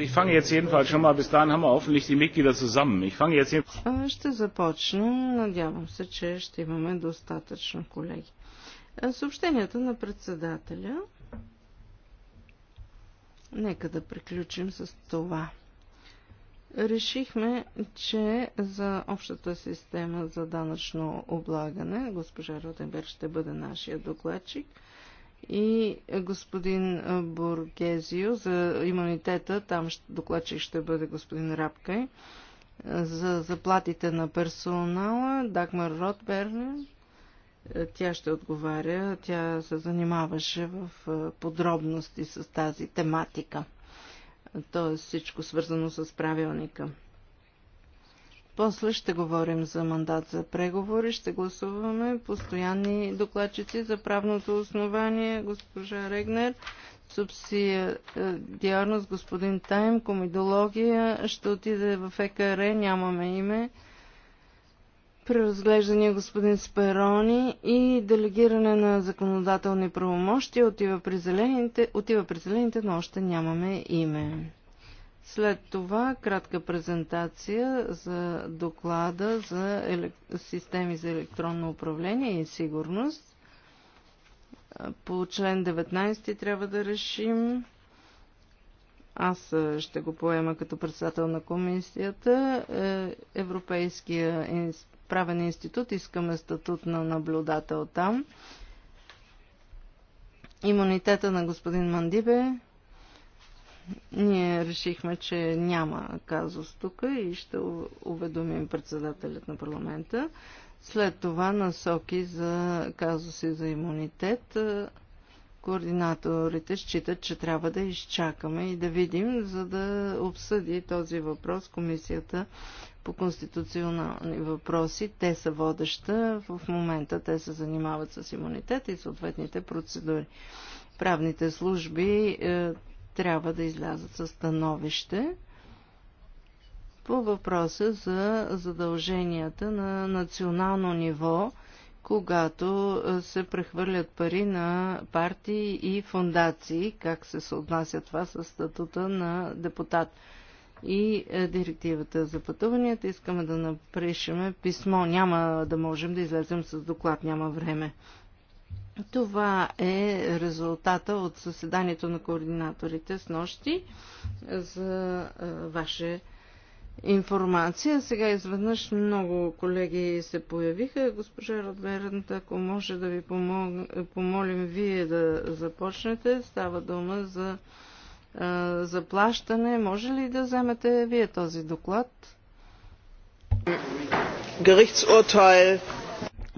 ich fange jetzt jedenfalls schon mal, bis dahin haben wir hoffentlich die Mitglieder zusammen. Ich fange jetzt Ще започнем. Надявам се, че ще имаме достатъчно колеги. Е, съобщенията на председателя. Нека да приключим с това. Решихме, че за общата система за данъчно облагане госпожа Ротенберг ще бъде нашия докладчик – и господин Бургезио за имунитета, там докладчик ще бъде господин Рапкай, за заплатите на персонала, Дагмар Ротберн, тя ще отговаря, тя се занимаваше в подробности с тази тематика, т.е. всичко свързано с правилника. После ще говорим за мандат за преговори, ще гласуваме постоянни докладчици за правното основание, госпожа Регнер, субсидиарност, е, господин Тайм, комидология, ще отиде в ЕКР, нямаме име, преразглеждане господин Сперони и делегиране на законодателни правомощи отива при зелените, отива при зелените но още нямаме име. След това кратка презентация за доклада за елек... системи за електронно управление и сигурност. По член 19 трябва да решим. Аз ще го поема като председател на комисията. Е, Европейския правен институт искаме статут на наблюдател там. Имунитета на господин Мандибе ние решихме, че няма казус тук и ще уведомим председателят на парламента. След това насоки за казуси за имунитет. Е, координаторите считат, че трябва да изчакаме и да видим, за да обсъди този въпрос комисията по конституционални въпроси. Те са водеща. В момента те се занимават с имунитет и съответните процедури. Правните служби е, трябва да излязат със становище по въпроса за задълженията на национално ниво, когато се прехвърлят пари на партии и фундации, как се съотнася това с статута на депутат и е, директивата за пътуванията. Искаме да напишеме писмо. Няма да можем да излезем с доклад, няма време. Това е резултата от съседанието на координаторите с нощи за ваше информация. Сега изведнъж много колеги се появиха. Госпожа Родберент, ако може да ви помог... помолим вие да започнете, става дума за заплащане. Може ли да вземете вие този доклад? Gerichtsurteil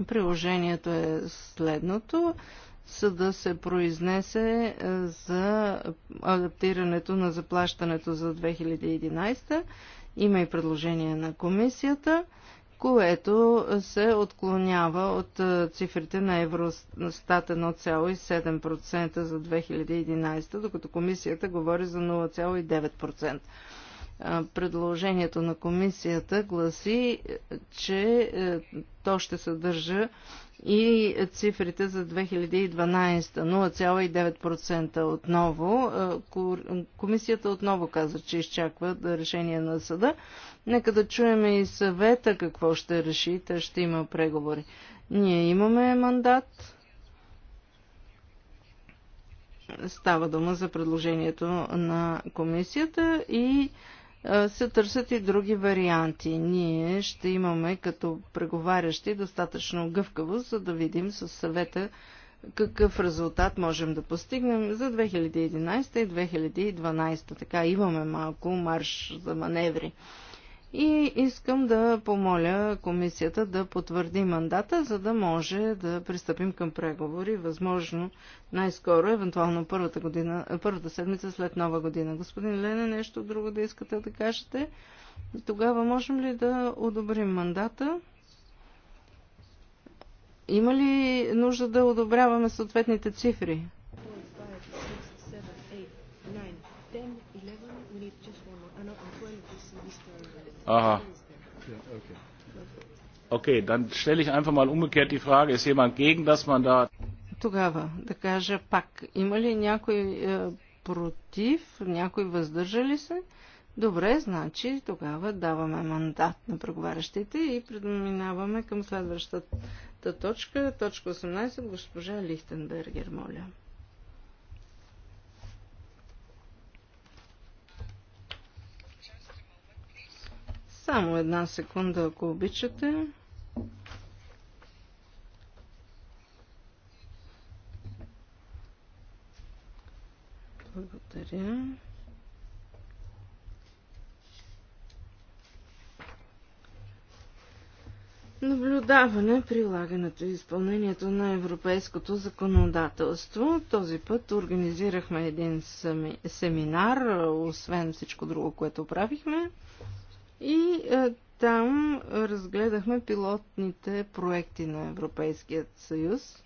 Приложението е следното. Съда се произнесе е, за адаптирането на заплащането за 2011. Има и предложение на комисията, което се отклонява от е, цифрите на Евростат 1,7% за 2011, докато комисията говори за 0,9% предложението на комисията гласи, че е, то ще съдържа и цифрите за 2012 0,9% отново. Комисията отново каза, че изчаква решение на съда. Нека да чуем и съвета какво ще реши. Те ще има преговори. Ние имаме мандат. Става дума за предложението на комисията и е, се търсят и други варианти. Ние ще имаме като преговарящи достатъчно гъвкаво, за да видим с съвета какъв резултат можем да постигнем за 2011 и 2012. Така имаме малко марш за маневри. И искам да помоля комисията да потвърди мандата, за да може да пристъпим към преговори, възможно най-скоро, евентуално първата, година, първата седмица след нова година. Господин Лене, нещо друго да искате да кажете? Тогава можем ли да одобрим мандата? Има ли нужда да одобряваме съответните цифри? Aha. Okay, dann stelle ich einfach mal umgekehrt die Frage, ist jemand gegen, dass man da... Тогава да кажа пак, има ли някой е, против, някой ли се? Добре, значи тогава даваме мандат на преговарящите и предминаваме към следващата точка, точка 18, госпожа Лихтенбергер, моля. Само една секунда, ако обичате. Благодаря. Наблюдаване прилагането и изпълнението на европейското законодателство. Този път организирахме един семи... семинар, освен всичко друго, което правихме. И е, там разгледахме пилотните проекти на Европейския съюз.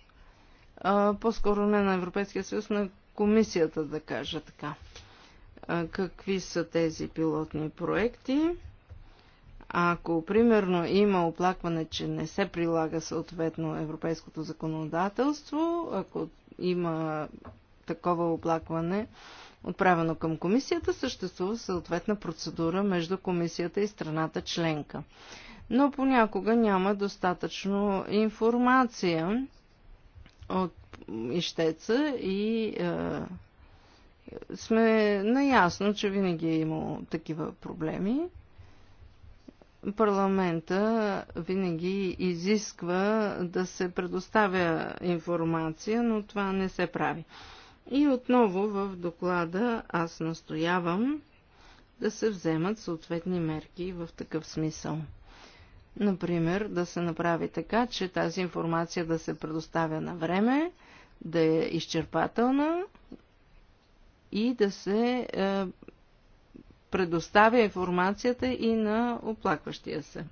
по-скоро не на Европейския съюз, на комисията, да кажа така. А, какви са тези пилотни проекти? Ако, примерно, има оплакване, че не се прилага съответно европейското законодателство, ако има такова оплакване, отправено към комисията, съществува съответна процедура между комисията и страната членка. Но понякога няма достатъчно информация от ищеца и е, сме наясно, че винаги е имало такива проблеми. Парламента винаги изисква да се предоставя информация, но това не се прави. И отново в доклада аз настоявам да се вземат съответни мерки в такъв смисъл. Например, да се направи така, че тази информация да се предоставя на време, да е изчерпателна и да се е, предоставя информацията и на оплакващия се.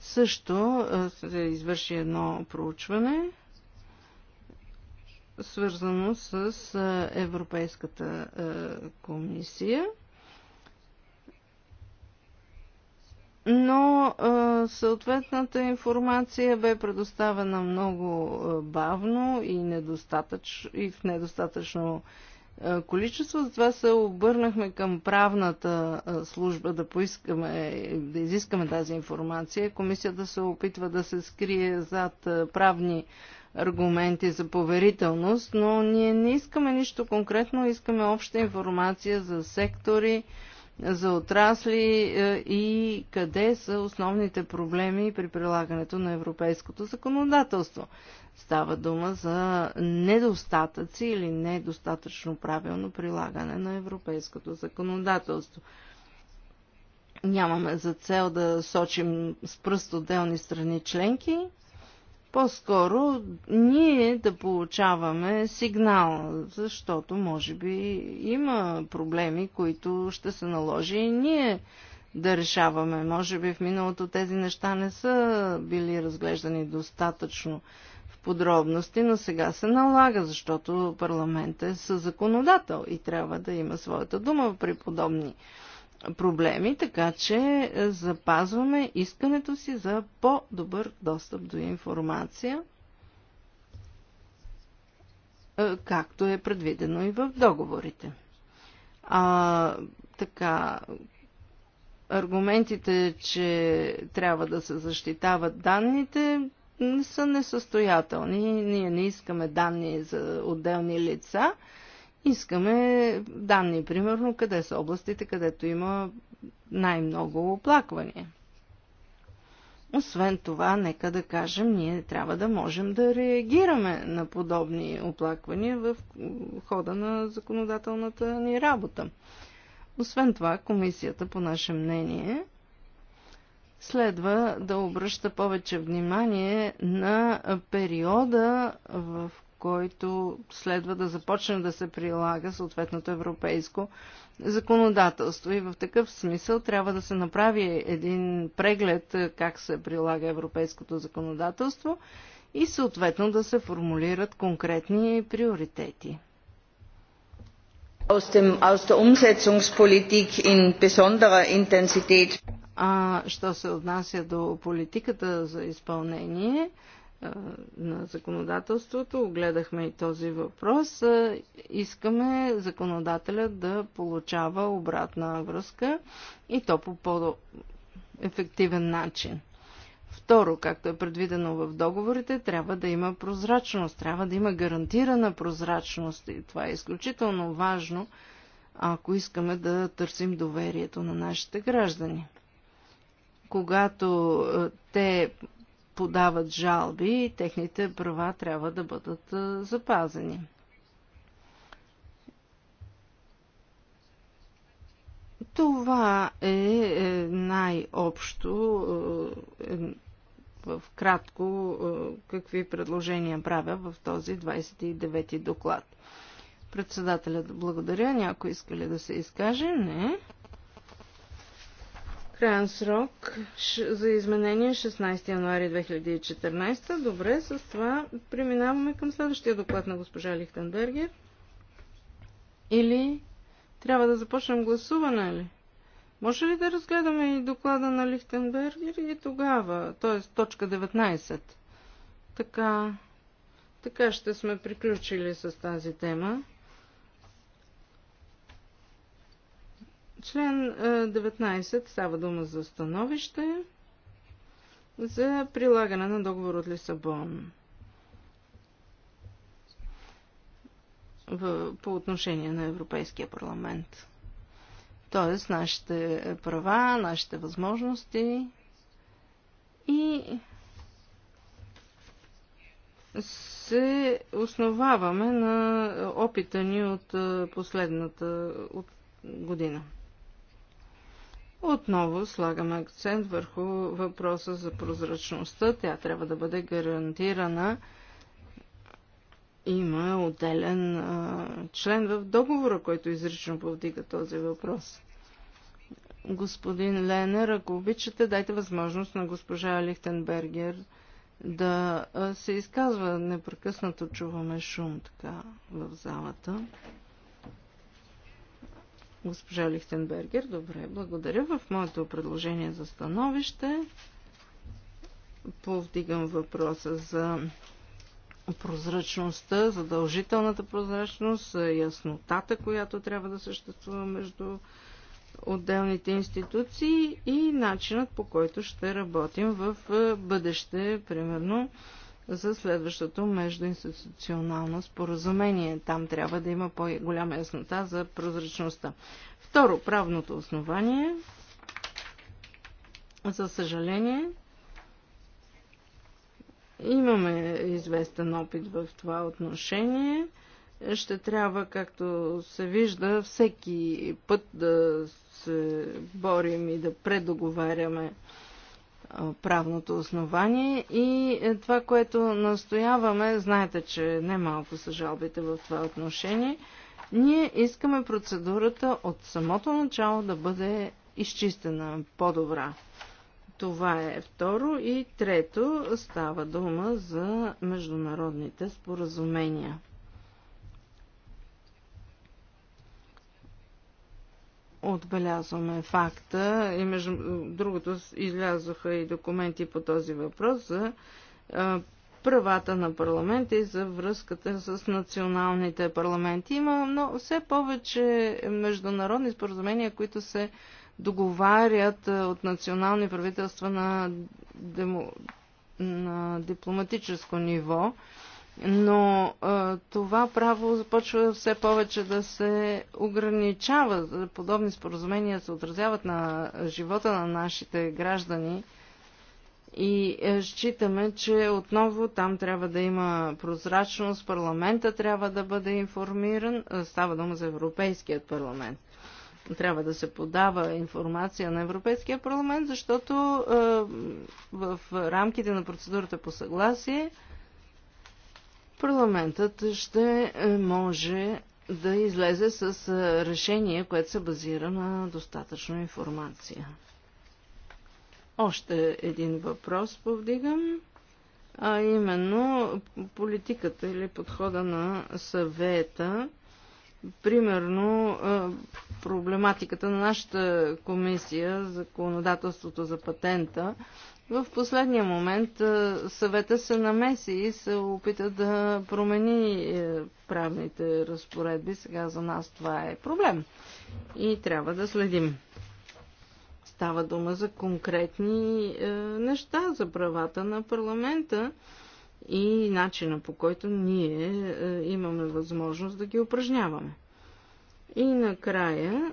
Също е, се извърши едно проучване свързано с Европейската комисия. Но съответната информация бе предоставена много бавно и, недостатъч, и в недостатъчно количество. Затова се обърнахме към правната служба да поискаме, да изискаме тази информация. Комисията се опитва да се скрие зад правни аргументи за поверителност, но ние не искаме нищо конкретно, искаме обща информация за сектори, за отрасли е, и къде са основните проблеми при прилагането на европейското законодателство. Става дума за недостатъци или недостатъчно правилно прилагане на европейското законодателство. Нямаме за цел да сочим с пръст отделни страни членки, по-скоро ние да получаваме сигнал, защото може би има проблеми, които ще се наложи и ние да решаваме. Може би в миналото тези неща не са били разглеждани достатъчно в подробности, но сега се налага, защото парламентът е със законодател и трябва да има своята дума при подобни проблеми, така че е, запазваме искането си за по-добър достъп до информация, е, както е предвидено и в договорите. А, така, аргументите, че трябва да се защитават данните, са несъстоятелни. Ние не искаме данни за отделни лица, Искаме данни, примерно, къде са областите, където има най-много оплаквания. Освен това, нека да кажем, ние трябва да можем да реагираме на подобни оплаквания в хода на законодателната ни работа. Освен това, комисията, по наше мнение, следва да обръща повече внимание на периода, в който следва да започне да се прилага съответното европейско законодателство. И в такъв смисъл трябва да се направи един преглед е, как се прилага европейското законодателство и съответно да се формулират конкретни приоритети. Aus, dem, aus der Umsetzungspolitik in besonderer Intensität. А, що се отнася до политиката за изпълнение, на законодателството, огледахме и този въпрос. Искаме законодателя да получава обратна връзка и то по по-ефективен начин. Второ, както е предвидено в договорите, трябва да има прозрачност, трябва да има гарантирана прозрачност и това е изключително важно, ако искаме да търсим доверието на нашите граждани. Когато те подават жалби и техните права трябва да бъдат запазени. Това е, е най-общо е, в кратко какви предложения правя в този 29 ти доклад. Председателят благодаря. Някой иска ли да се изкаже? Не. Краен срок за изменение 16 е януари 2014. Добре, с това преминаваме към следващия доклад на госпожа Лихтенбергер. Или трябва да започнем гласуване ли? Може ли да разгледаме и доклада на Лихтенбергер и тогава, т.е. точка 19? Така, така ще сме приключили с тази тема. Член 19 става дума за становище за прилагане на договор от Лисабон. В, по отношение на Европейския парламент. Тоест, нашите права, нашите възможности и се основаваме на опита ни от последната от година. Отново слагаме акцент върху въпроса за прозрачността. Тя трябва да бъде гарантирана. Има отделен а, член в договора, който изрично повдига този въпрос. Господин Ленер, ако обичате, дайте възможност на госпожа Лихтенбергер да се изказва. Непрекъснато чуваме шум така в залата. Госпожа Лихтенбергер, добре, благодаря. В моето предложение за становище повдигам въпроса за прозрачността, задължителната прозрачност, яснотата, която трябва да съществува между отделните институции и начинът по който ще работим в бъдеще, примерно за следващото междуинституционално споразумение. Там трябва да има по-голяма яснота за прозрачността. Второ, правното основание. За съжаление, имаме известен опит в това отношение. Ще трябва, както се вижда, всеки път да се борим и да предоговаряме правното основание и е, това, което настояваме, знаете, че немалко са жалбите в това отношение, ние искаме процедурата от самото начало да бъде изчистена по-добра. Това е второ и трето става дума за международните споразумения. отбелязваме факта и между другото излязоха и документи по този въпрос за правата на парламента и за връзката с националните парламенти. Има но все повече международни споразумения, които се договарят от национални правителства на, демо, на дипломатическо ниво. Но а, това право започва все повече да се ограничава. Подобни споразумения се отразяват на живота на нашите граждани и е, считаме, че отново там трябва да има прозрачност, парламента трябва да бъде информиран, е, става дума за Европейският парламент. Трябва да се подава информация на Европейския парламент, защото е, в рамките на процедурата по съгласие парламентът ще е, може да излезе с е, решение, което се базира на достатъчно информация. Още един въпрос повдигам, а именно политиката или подхода на съвета. Примерно е, проблематиката на нашата комисия, законодателството за патента, в последния момент съвета се намеси и се опита да промени е, правните разпоредби. Сега за нас това е проблем и трябва да следим. Става дума за конкретни е, неща, за правата на парламента и начина по който ние е, имаме възможност да ги упражняваме. И накрая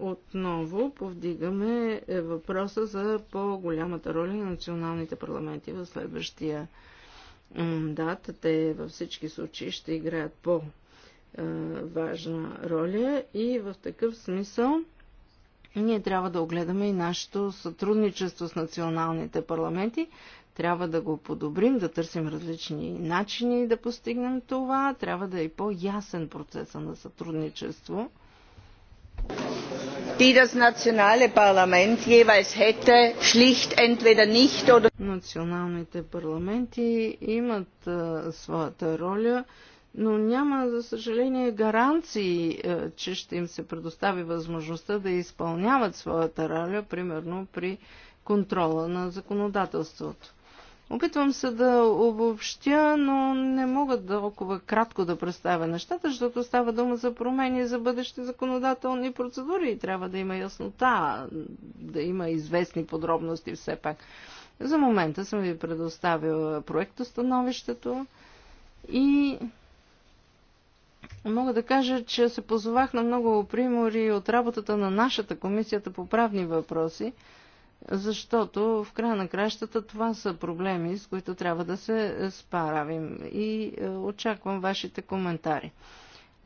отново повдигаме е, въпроса за по-голямата роля на националните парламенти в следващия мандат. Те във всички случаи ще играят по-важна е, роля и в такъв смисъл ние трябва да огледаме и нашето сътрудничество с националните парламенти. Трябва да го подобрим, да търсим различни начини да постигнем това. Трябва да е по-ясен процеса на сътрудничество die das nationale Parlament jeweils hätte, schlicht entweder nicht oder. Националните парламенти имат а, своята роля, но няма, за съжаление, гаранции, а, че ще им се предостави възможността да изпълняват своята роля, примерно при контрола на законодателството. Опитвам се да обобщя, но не мога толкова кратко да представя нещата, защото става дума за промени за бъдещи законодателни процедури и трябва да има яснота, да има известни подробности все пак. За момента съм ви предоставила проектостановището и мога да кажа, че се позовах на много примори от работата на нашата комисията по правни въпроси, защото в края на кращата това са проблеми, с които трябва да се справим и е, очаквам вашите коментари.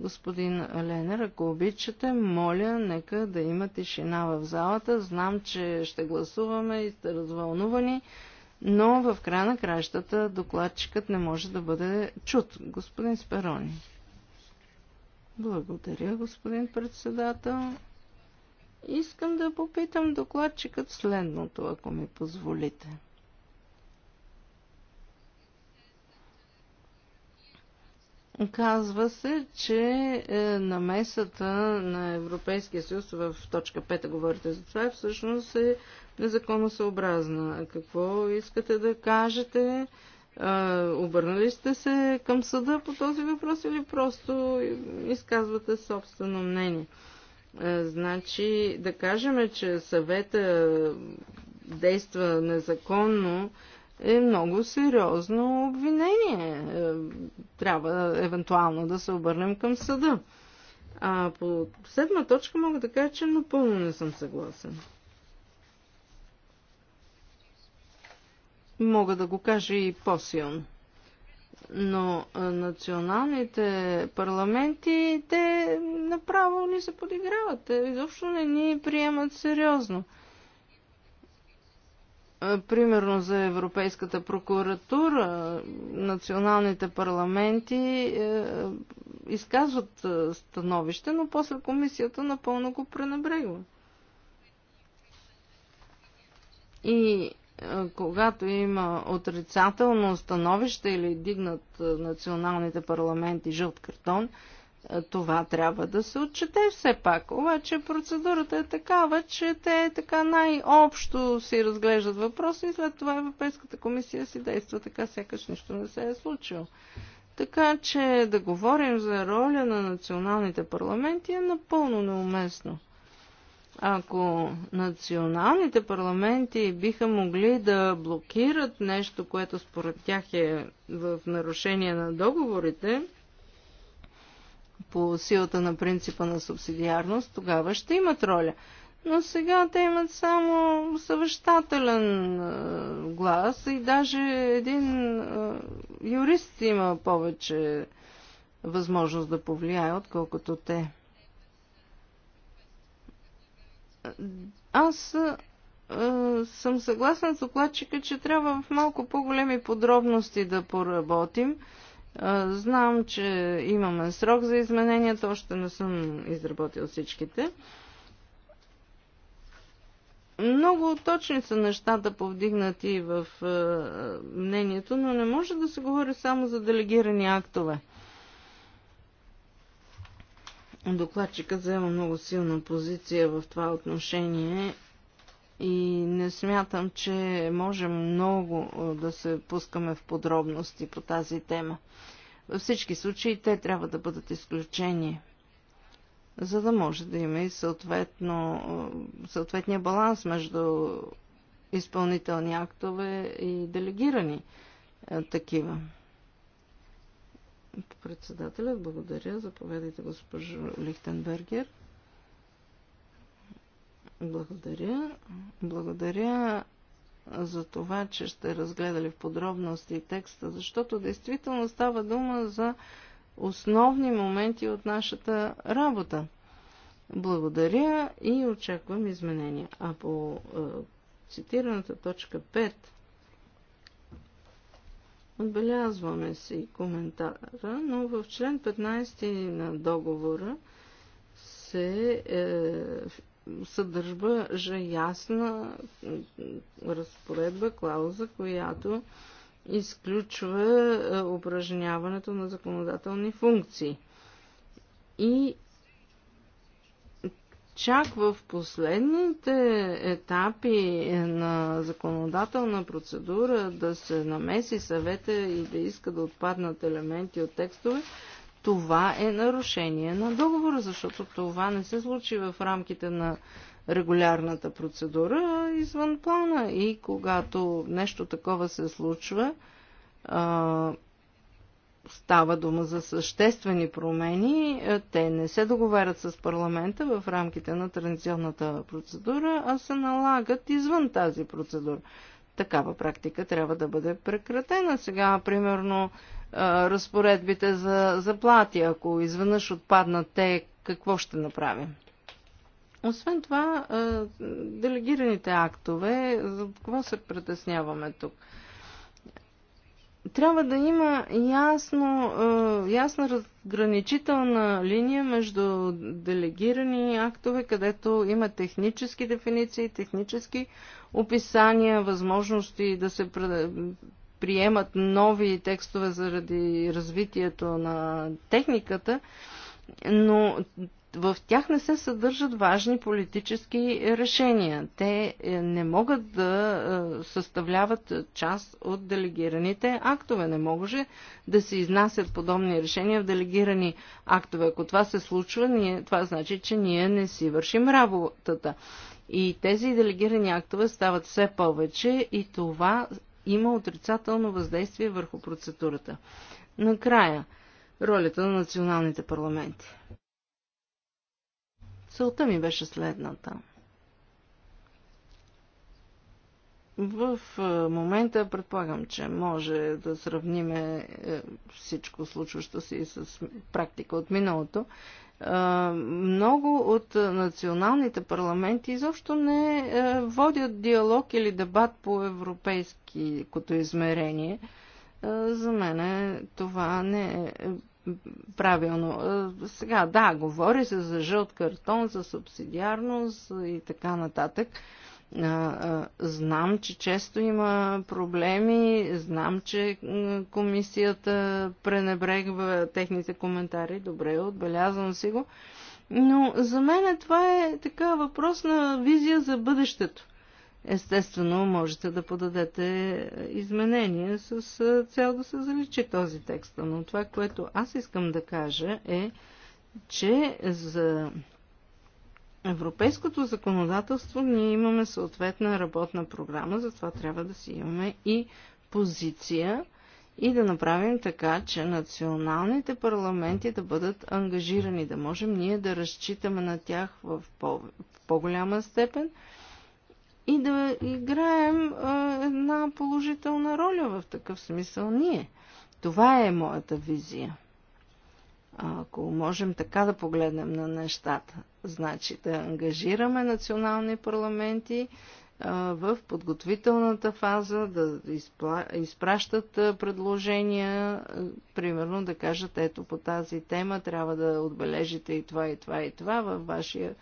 Господин Ленер, ако обичате, моля, нека да има тишина в залата. Знам, че ще гласуваме и сте развълнувани, но в края на кращата докладчикът не може да бъде чут. Господин Сперони. Благодаря, господин председател. Искам да попитам докладчикът следното, ако ми позволите. Казва се, че е, намесата на Европейския съюз в точка 5 говорите за това, е всъщност е незаконосъобразна. Какво искате да кажете? Е, обърнали сте се към съда по този въпрос или просто изказвате собствено мнение? Е, значи да кажем, че съвета действа незаконно е много сериозно обвинение. Е, трябва евентуално да се обърнем към съда. А по седма точка мога да кажа, че напълно не съм съгласен. Мога да го кажа и по-силно. Но националните парламенти, те направо ни се подиграват. Те изобщо не ни приемат сериозно. Примерно за Европейската прокуратура, националните парламенти е, изказват е, становище, но после комисията напълно го пренебрегва. И когато има отрицателно становище или дигнат националните парламенти жълт картон, това трябва да се отчете все пак. Обаче процедурата е такава, че те така най-общо си разглеждат въпроса и след това Европейската комисия си действа така, сякаш нищо не се е случило. Така че да говорим за роля на националните парламенти е напълно неуместно. Ако националните парламенти биха могли да блокират нещо, което според тях е в нарушение на договорите, по силата на принципа на субсидиарност, тогава ще имат роля. Но сега те имат само съвещателен глас и даже един юрист има повече възможност да повлияе, отколкото те. Аз съм съгласен с докладчика, че трябва в малко по-големи подробности да поработим. Знам, че имаме срок за измененията, още не съм изработил всичките. Много точни са нещата повдигнати в мнението, но не може да се говори само за делегирани актове. Докладчика взема много силна позиция в това отношение и не смятам, че можем много да се пускаме в подробности по тази тема. Във всички случаи те трябва да бъдат изключени, за да може да има и съответно, съответния баланс между изпълнителни актове и делегирани такива. Председателят, благодаря. Заповядайте, госпожо Лихтенбергер. Благодаря. Благодаря за това, че сте разгледали в подробности текста, защото действително става дума за основни моменти от нашата работа. Благодаря и очаквам изменения. А по е, цитираната точка 5 Отбелязваме си коментара, но в член 15 на договора се е, съдържа ясна разпоредба, клауза, която изключва е, упражняването на законодателни функции. И Чак в последните етапи на законодателна процедура да се намеси съвета и да иска да отпаднат елементи от текстове, това е нарушение на договора, защото това не се случи в рамките на регулярната процедура, а извън плана. И когато нещо такова се случва, става дума за съществени промени, е, те не се договарят с парламента в рамките на транзиционната процедура, а се налагат извън тази процедура. Такава практика трябва да бъде прекратена. Сега, примерно, е, разпоредбите за заплати, ако изведнъж отпаднат те, какво ще направим? Освен това, е, делегираните актове, за какво се притесняваме тук? трябва да има ясно, ясна разграничителна линия между делегирани актове, където има технически дефиниции, технически описания, възможности да се приемат нови текстове заради развитието на техниката, но в тях не се съдържат важни политически решения. Те е, не могат да е, съставляват част от делегираните актове. Не може да се изнасят подобни решения в делегирани актове. Ако това се случва, ние, това значи, че ние не си вършим работата. И тези делегирани актове стават все повече и това има отрицателно въздействие върху процедурата. Накрая, ролята на националните парламенти. Целта ми беше следната. В е, момента предполагам, че може да сравниме е, всичко случващо се и с практика от миналото. Е, много от националните парламенти изобщо не водят диалог или дебат по европейски като измерение. За мен това не е правилно. Е, сега, да, говори се за жълт картон, за субсидиарност и така нататък. Е, е, знам, че често има проблеми, знам, че комисията пренебрегва техните коментари. Добре, отбелязвам си го. Но за мен това е така въпрос на визия за бъдещето. Естествено, можете да подадете изменения с цел да се заличи този текст. Но това, което аз искам да кажа е, че за европейското законодателство ние имаме съответна работна програма, затова трябва да си имаме и позиция и да направим така, че националните парламенти да бъдат ангажирани, да можем ние да разчитаме на тях в по-голяма степен – и да играем една положителна роля в такъв смисъл ние. Това е моята визия. Ако можем така да погледнем на нещата, значи да ангажираме национални парламенти в подготвителната фаза, да изпла... изпращат предложения, примерно да кажат, ето по тази тема трябва да отбележите и това, и това, и това във вашия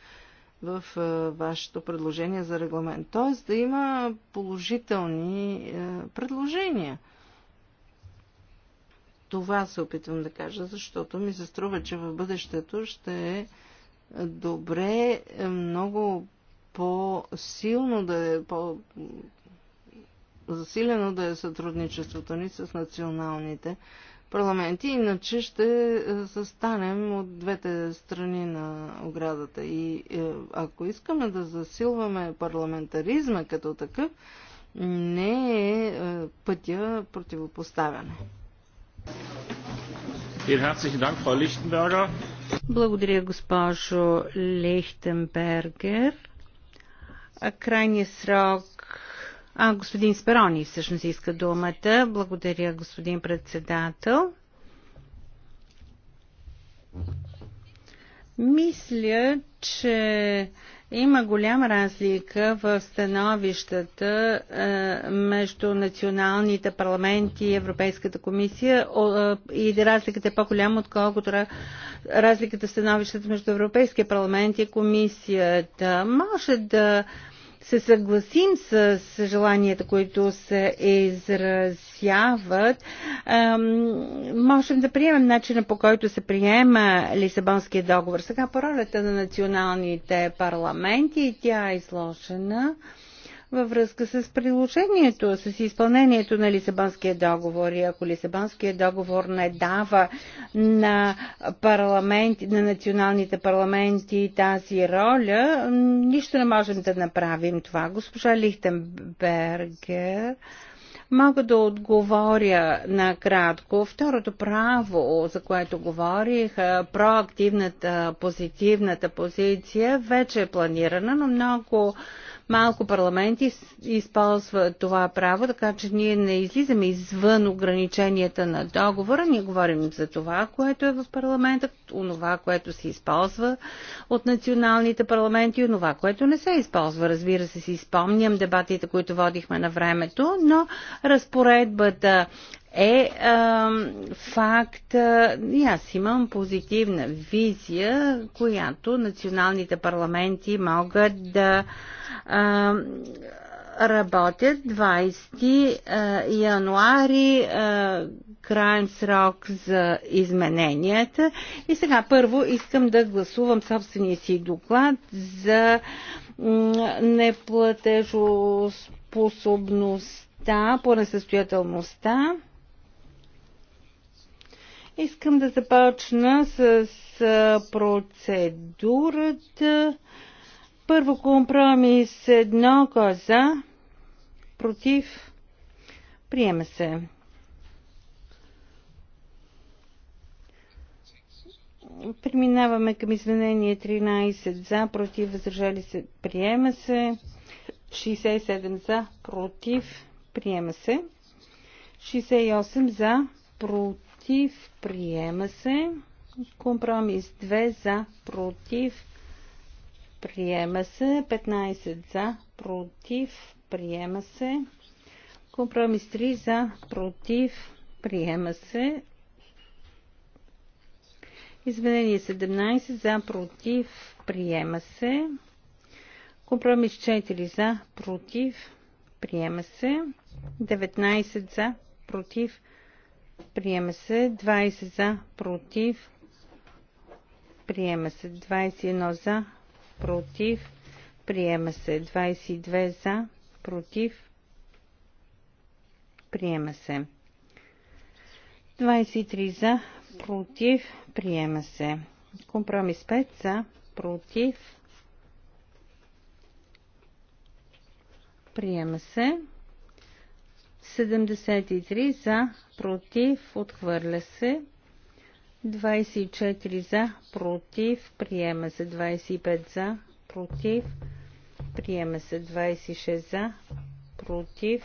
в е, вашето предложение за регламент. Тоест да има положителни е, предложения. Това се опитвам да кажа, защото ми се струва, че в бъдещето ще е добре е, много по-силно да е по засилено да е сътрудничеството ни с националните парламенти, иначе ще е, застанем от двете страни на оградата. И е, ако искаме да засилваме парламентаризма като такъв, не е, е пътя противопоставяне. Благодаря, госпожо Лихтенбергер. Крайният срок а, господин Сперони всъщност иска думата. Благодаря, господин председател. Мисля, че има голяма разлика в становищата е, между националните парламенти и Европейската комисия о, е, и разликата е по-голяма, отколкото разликата в становищата между Европейския парламент и комисията. Може да се съгласим с желанията, които се изразяват, можем да приемем начина по който се приема Лисабонския договор. Сега по ролята на националните парламенти, тя е изложена във връзка с приложението, с изпълнението на Лисабонския договор. И ако Лисабонския договор не дава на, парламент, на националните парламенти тази роля, нищо не можем да направим това. Госпожа Лихтенбергер. Мога да отговоря накратко. Второто право, за което говорих, е проактивната, позитивната позиция, вече е планирана, но много Малко парламенти използват това право, така че ние не излизаме извън ограниченията на договора. Ние говорим за това, което е в парламента, онова, което се използва от националните парламенти и онова, което не се използва. Разбира се, си спомням дебатите, които водихме на времето, но разпоредбата е а, факт. И аз имам позитивна визия, която националните парламенти могат да а, работят 20 януари крайен срок за измененията. И сега първо искам да гласувам собствения си доклад за неплатежоспособността по несъстоятелността. Искам да започна с процедурата. Първо компромис едно коза. Е против. Приема се. Преминаваме към изменение 13 за, против, въздържали се, приема се. 67 за, против, приема се. 68 за, против против, приема се. Компромис 2 за, против, приема се. 15 за, против, приема се. Компромис 3 за, против, приема се. Изменение 17 за, против, приема се. Компромис 4 за, против, приема се. 19 за, против, Приема се 20 за, против. Приема се 21 за, против. Приема се 22 за, против. Приема се 23 за, против. Приема се. Компромис 5 за, против. Приема се. 73 за, против, отхвърля се. 24 за, против, приема се. 25 за, против, приема се. 26 за, против,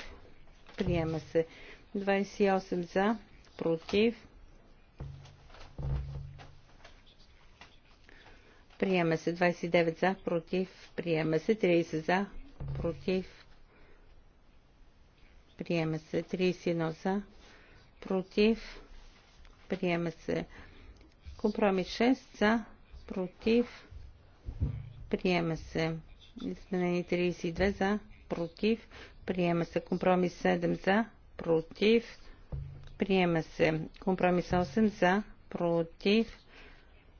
приема се. 28 за, против, приема се. 29 за, против, приема се. 30 за, против, Приема се. 31 за. Против. Приема се. Компромис 6 за. Против. Приема се. Изменени 32 за. Против. Приема се. Компромис 7 за. Против. Приема се. Компромис 8 за. Против.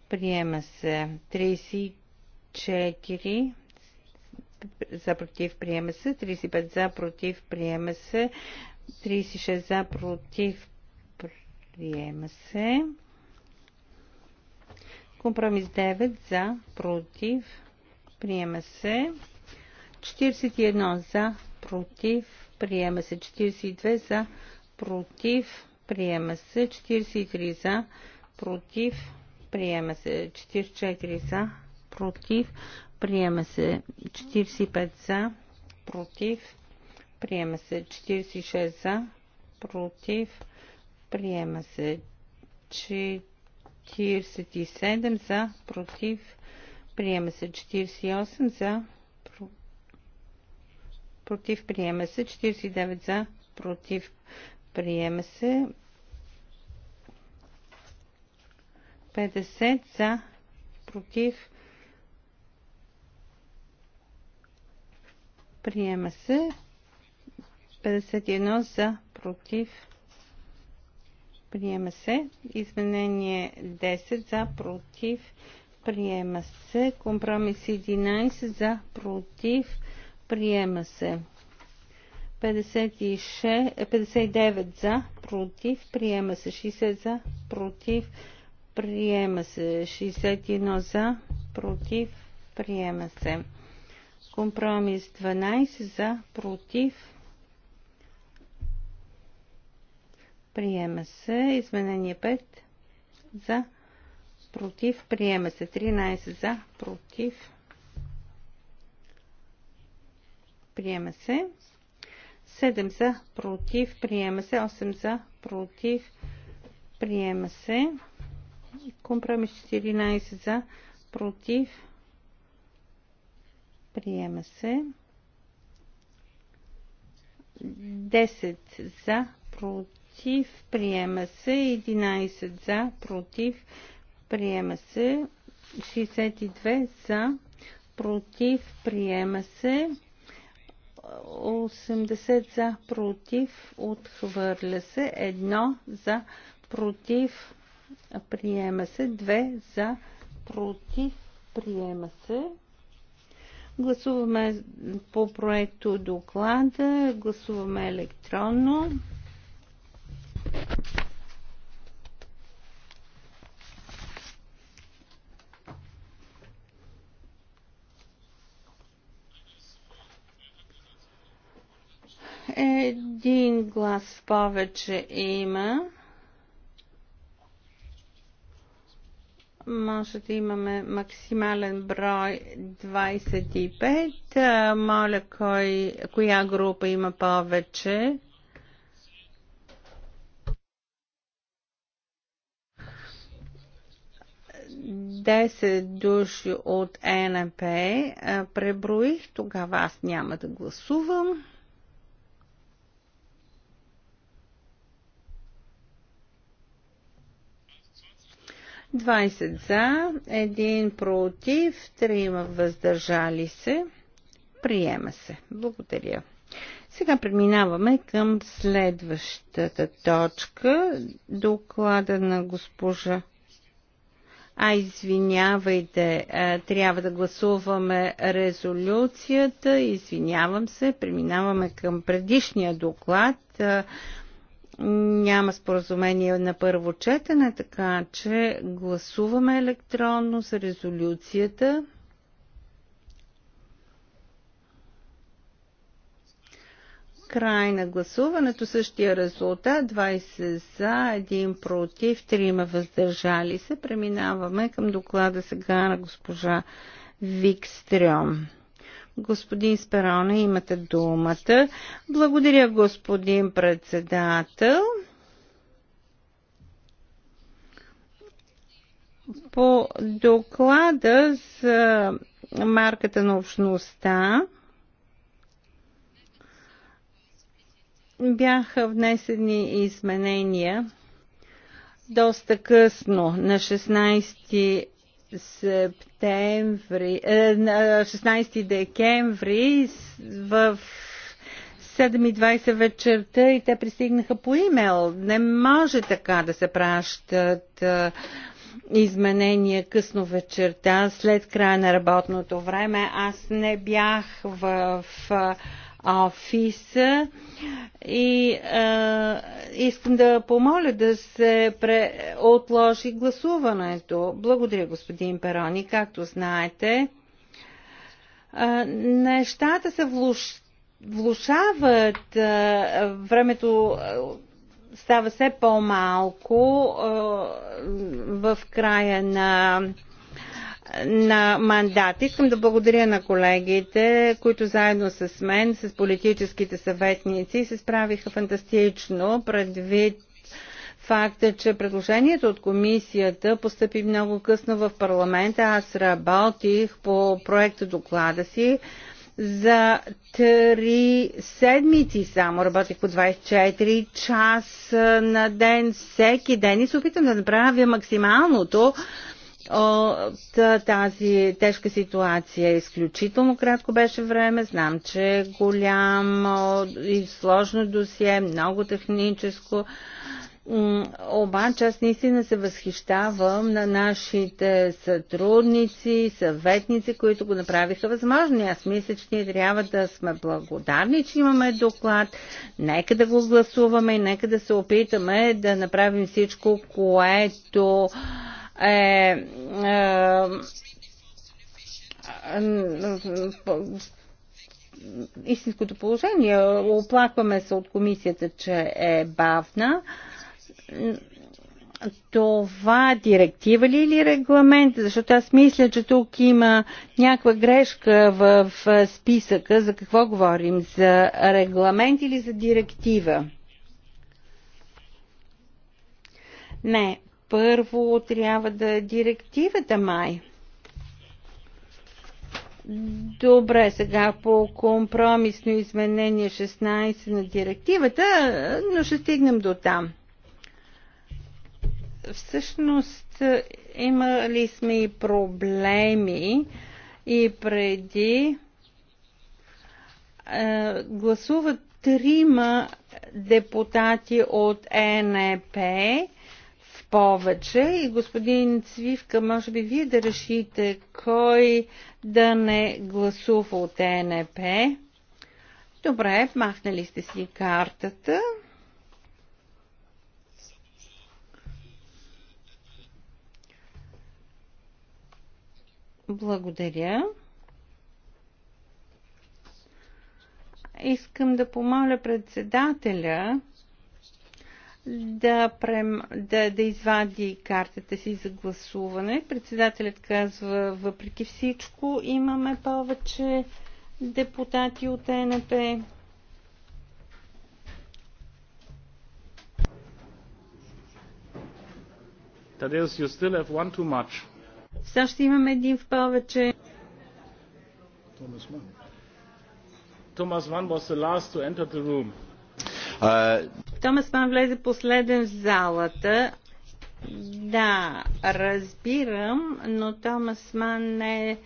Приема се. 34 за против приема се, 35 за против приема се, 36 за против приема се. Компромис 9 за против приема се. 41 за против приема се. 42 за против приема се. 43 за против приема се. 44 за против Приема се 45 за, против. Приема се 46 за, против. Приема се 47 за, против. Приема се 48 за, против. Приема се 49 за, против. Приема се 50 за, против. Приема се. 51 за против. Приема се. Изменение 10 за против. Приема се. Компромис 11 за против. Приема се. 56, 59 за против. Приема се. 60 за против. Приема се. 61 за против. Приема се. Компромис 12 за, против. Приема се. Изменение 5 за, против. Приема се. 13 за, против. Приема се. 7 за, против. Приема се. 8 за, против. Приема се. Компромис 14 за, против. Приема се. 10 за, против, приема се. 11 за, против, приема се. 62 за, против, приема се. 80 за, против, отхвърля се. 1 за, против, приема се. 2 за, против, приема се. Гласуваме по проекто доклада, гласуваме електронно. Един глас повече има. може да имаме максимален брой 25. Моля, кой, коя група има повече? Десет души от НП. Е. Преброих, тогава аз няма да гласувам. 20 за, 1 против, 3 въздържали се. Приема се. Благодаря. Сега преминаваме към следващата точка. Доклада на госпожа. А, извинявайте, е, трябва да гласуваме резолюцията. Извинявам се, преминаваме към предишния доклад е, няма споразумение на първо четене, така че гласуваме електронно с резолюцията. Край на гласуването същия резултат 20 за, 1 против, 3 въздържали се. Преминаваме към доклада сега на госпожа Викстрем. Господин Сперона, имате думата. Благодаря, господин председател. По доклада за марката на общността бяха внесени изменения доста късно, на 16 септември, е, на 16 декември в 7.20 вечерта и те пристигнаха по имейл. Не може така да се пращат е, изменения късно вечерта, след края на работното време. Аз не бях в, в офиса и е, искам да помоля да се пре... отложи гласуването. Благодаря, господин Перони. Както знаете, е, нещата се влуш... влушават. е, времето става все по-малко в края на на мандат. Искам да благодаря на колегите, които заедно с мен, с политическите съветници се справиха фантастично предвид факта, че предложението от комисията постъпи много късно в парламента. Аз работих по проекта доклада си за три седмици само работих по 24 часа на ден, всеки ден и се опитам да направя максималното, от тази тежка ситуация. Изключително кратко беше време. Знам, че е голям и сложно досие, много техническо. Обаче аз наистина се възхищавам на нашите сътрудници, съветници, които го направиха възможно. Аз мисля, че ние трябва да сме благодарни, че имаме доклад. Нека да го гласуваме и нека да се опитаме да направим всичко, което е, е, истинското положение. Оплакваме се от комисията, че е бавна. Това директива ли е или регламент? Защото аз мисля, че тук има някаква грешка в списъка. За какво говорим? За регламент или за директива? Не, първо трябва да е директивата май. Добре, сега по компромисно изменение 16 на директивата, но ще стигнем до там. Всъщност, имали сме и проблеми и преди е, гласуват трима депутати от ЕНП повече и господин Цвивка, може би вие да решите кой да не гласува от ЕНП. Добре, махнали сте си картата. Благодаря. Искам да помоля председателя да, прем, да, да извади картата си за гласуване. Председателят казва, въпреки всичко, имаме повече депутати от ЕНП. Tadeus, you still have one too much. Все още имаме един в повече. Томас Mann. Томас Mann was the last to enter the room. Uh... Томас Ман влезе последен в залата. Да, разбирам, но Томас Ман не е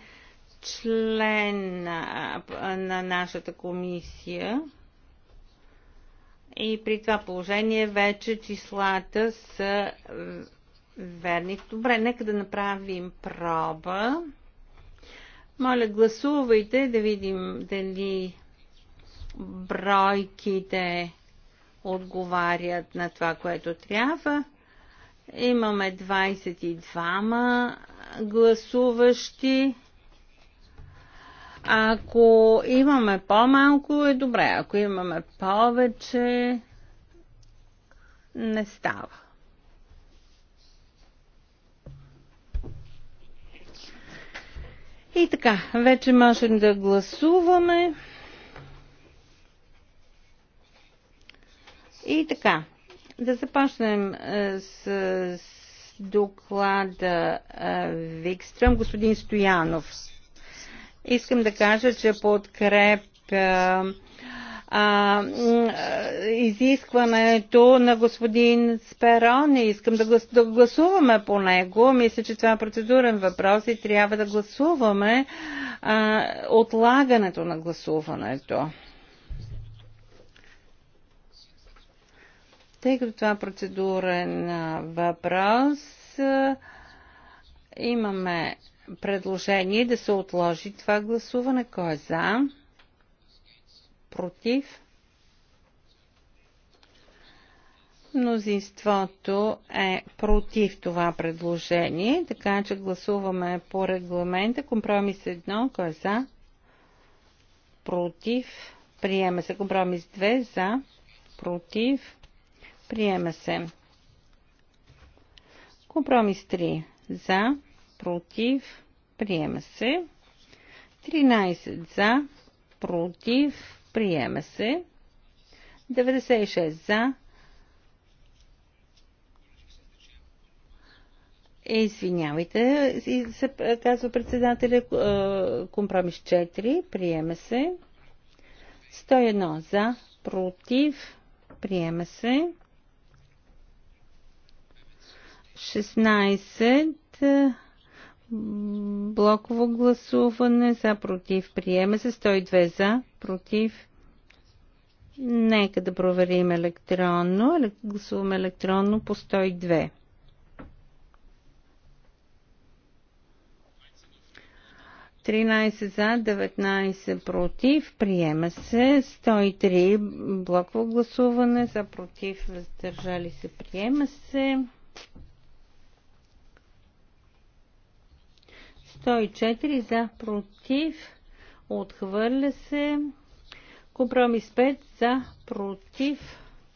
член на, на нашата комисия. И при това положение вече числата са верни. Добре, нека да направим проба. Моля, гласувайте да видим дали бройките отговарят на това, което трябва. Имаме 22 гласуващи. Ако имаме по-малко е добре, ако имаме повече не става. И така, вече можем да гласуваме. И така, да започнем е, с, с доклада е, Викстръм, господин Стоянов. Искам да кажа, че подкрепя а, изискването на господин Сперони. Искам да, глас, да гласуваме по него. Мисля, че това е процедурен въпрос и трябва да гласуваме а, отлагането на гласуването. Тъй като това е процедурен въпрос, имаме предложение да се отложи това гласуване. Кой е за? Против? Мнозинството е против това предложение, така че гласуваме по регламента. Компромис 1, кой е за? Против. Приема се компромис 2, за. Против. Приема се. Компромис 3. За. Против. Приема се. 13 за. Против. Приема се. 96 за. Е, извинявайте, казва председателя, е, компромис 4, приема се. 101 за, против, приема се. 16 блоково гласуване за против. Приема се 102 за против. Нека да проверим електронно. Гласуваме електронно по 102. Тринайсе за, 19 против, приема се. 103 блоково гласуване за против, въздържали се, приема се. 104 за против. Отхвърля се. Компромис 5 за против.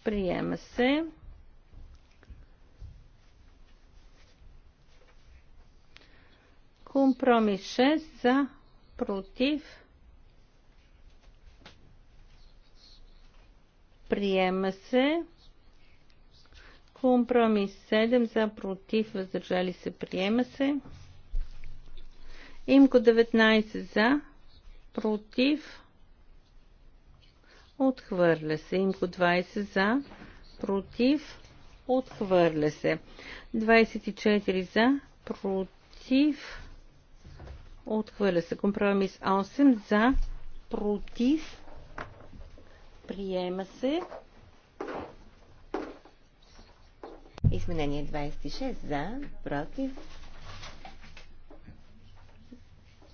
Приема се. Компромис 6 за против. Приема се. Компромис 7 за против. Въздържали се. Приема се. Имко 19 за, против, отхвърля се. Имко 20 за, против, отхвърля се. 24 за, против, отхвърля се. Компромис 8 за, против, приема се. Изменение 26 за, против,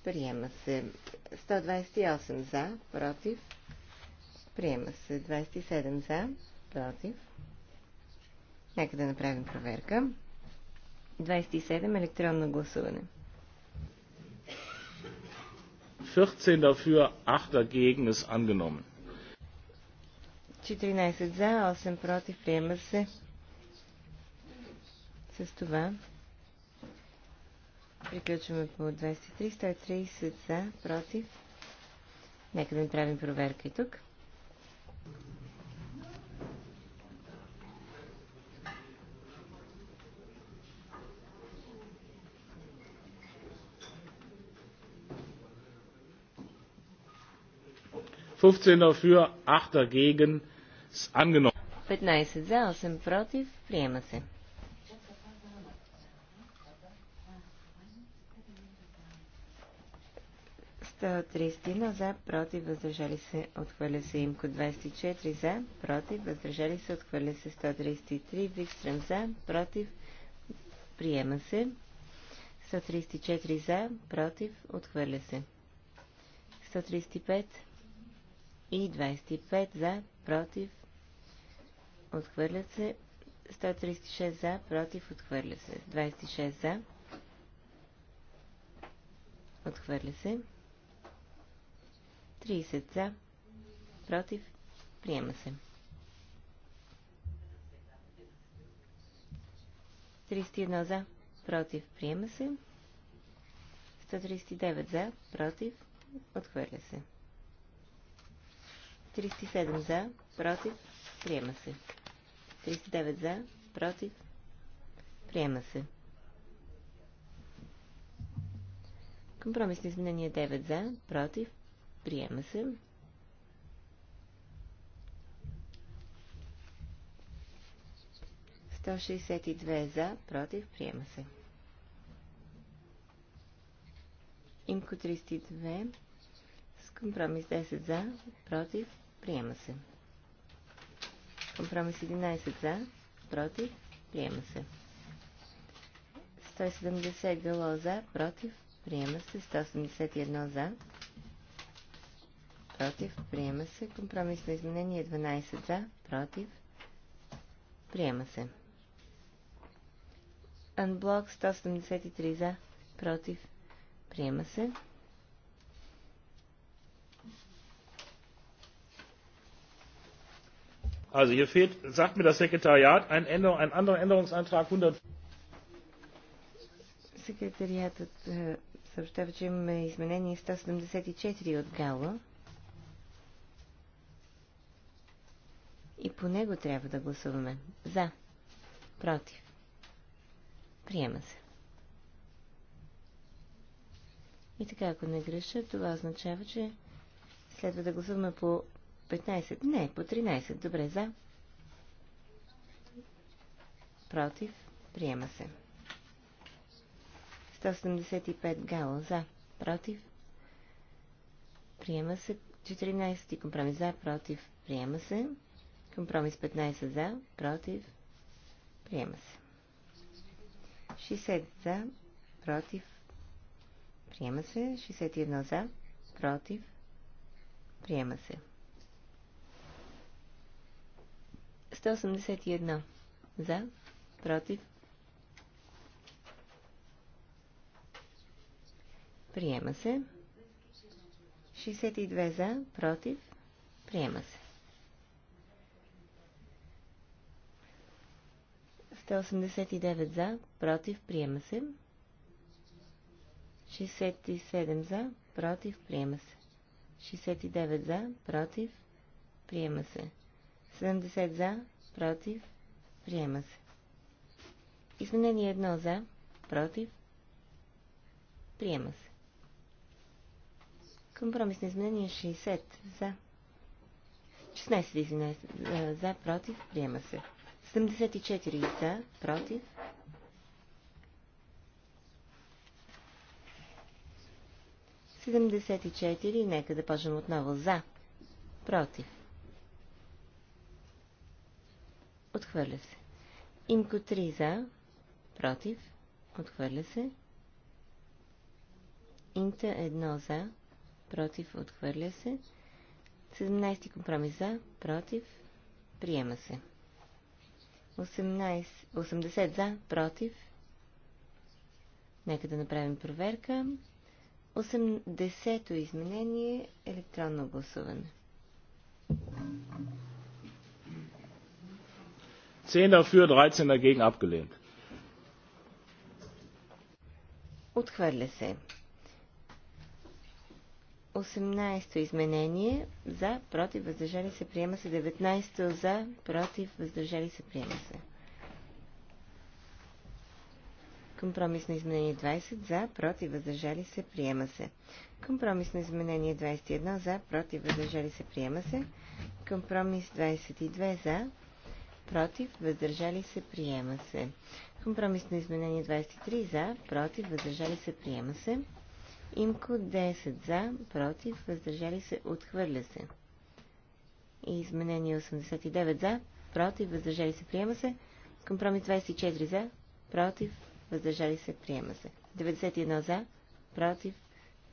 Приема се 128 за, против. Приема се 27 за, против. Нека да направим проверка. 27 електронно гласуване. 14 dafür, 8 dagegen ist angenommen. 14 за, 8 против, приема се. С това Приключваме по 23, 130 за, против. Нека да направим проверка и тук. Für, 8 dagegen, angenommen. 15 за, 8 против, приема се. 131 за, против, въздържали се, отхвърля се имко 24 за, против, въздържали се, отхвърля се 133, Викстрем за, против, приема се, 134 за, против, отхвърля се, 135 и 25 за, против, отхвърлят се, 136 за, против, отхвърля се, 26 за, отхвърля се, 30 за, против, приема се. 31 за, против, приема се. 139 за, против, отхвърля се. 37 за, против, приема се. 39 за, против, приема се. Компромисни изменения 9 за, против, Приема се. Сто за, против, приема се. Имко 32 с компромис 10 за, против, приема се. Компромис 11 за, против, приема се. 170 гало за, против, приема се. 181 за, против, приема се. Компромисно изменение 12 за, против, приема се. Анблок 173 за, против, приема се. Also hier fehlt, sagt mir das Sekretariat, ein, Änderung, ein anderer Änderungsantrag 100. Секретариатът е, съобщава, че имаме изменение 174 от Гала. И по него трябва да гласуваме. За. Против. Приема се. И така, ако не греша, това означава, че следва да гласуваме по 15. Не, по 13. Добре, за. Против. Приема се. 175 гало. За. Против. Приема се. 14 компромис. За. Против. Приема се. Компромис 15 за, против, приема се. 60 за, против, приема се. 61 за, против, приема се. 181 за, против, Приема се. 62 за, против. Приема се. 189 за, против, приема се. 67 за, против, приема се. 69 за, против, приема се. 70 за, против, приема се. Изменение 1 за, против, приема се. Компромис на изменение 60 за. 16 за, против, приема се. 74 за, против. Седемдесет и четири. Нека да почнем отново. За. Против. Отхвърля се. Имко 3 за. Против. Отхвърля се. Инта едно за. Против. Отхвърля се. 17 компромис за. Против. Приема се. 18, 80 за, против. Нека да направим проверка. 80-то изменение електронно гласуване. 10 dafür, 13 dagegen abgelehnt. Отхвърля се. 18-то изменение за, против, въздържали се, приема се. 19-то за, против, въздържали се, приема се. Компромисно изменение 20 за, против, въздържали се, приема се. Компромисно изменение 21 за, против, въздържали се, приема се. Компромис 22 за, против, въздържали се, приема се. Компромисно изменение 23 за, против, въздържали се, приема се. Имко 10 за, против, въздържали се, отхвърля се. И изменение 89 за, против, въздържали се, приема се. Компромис 24 за, против, въздържали се, приема се. 91 за, против,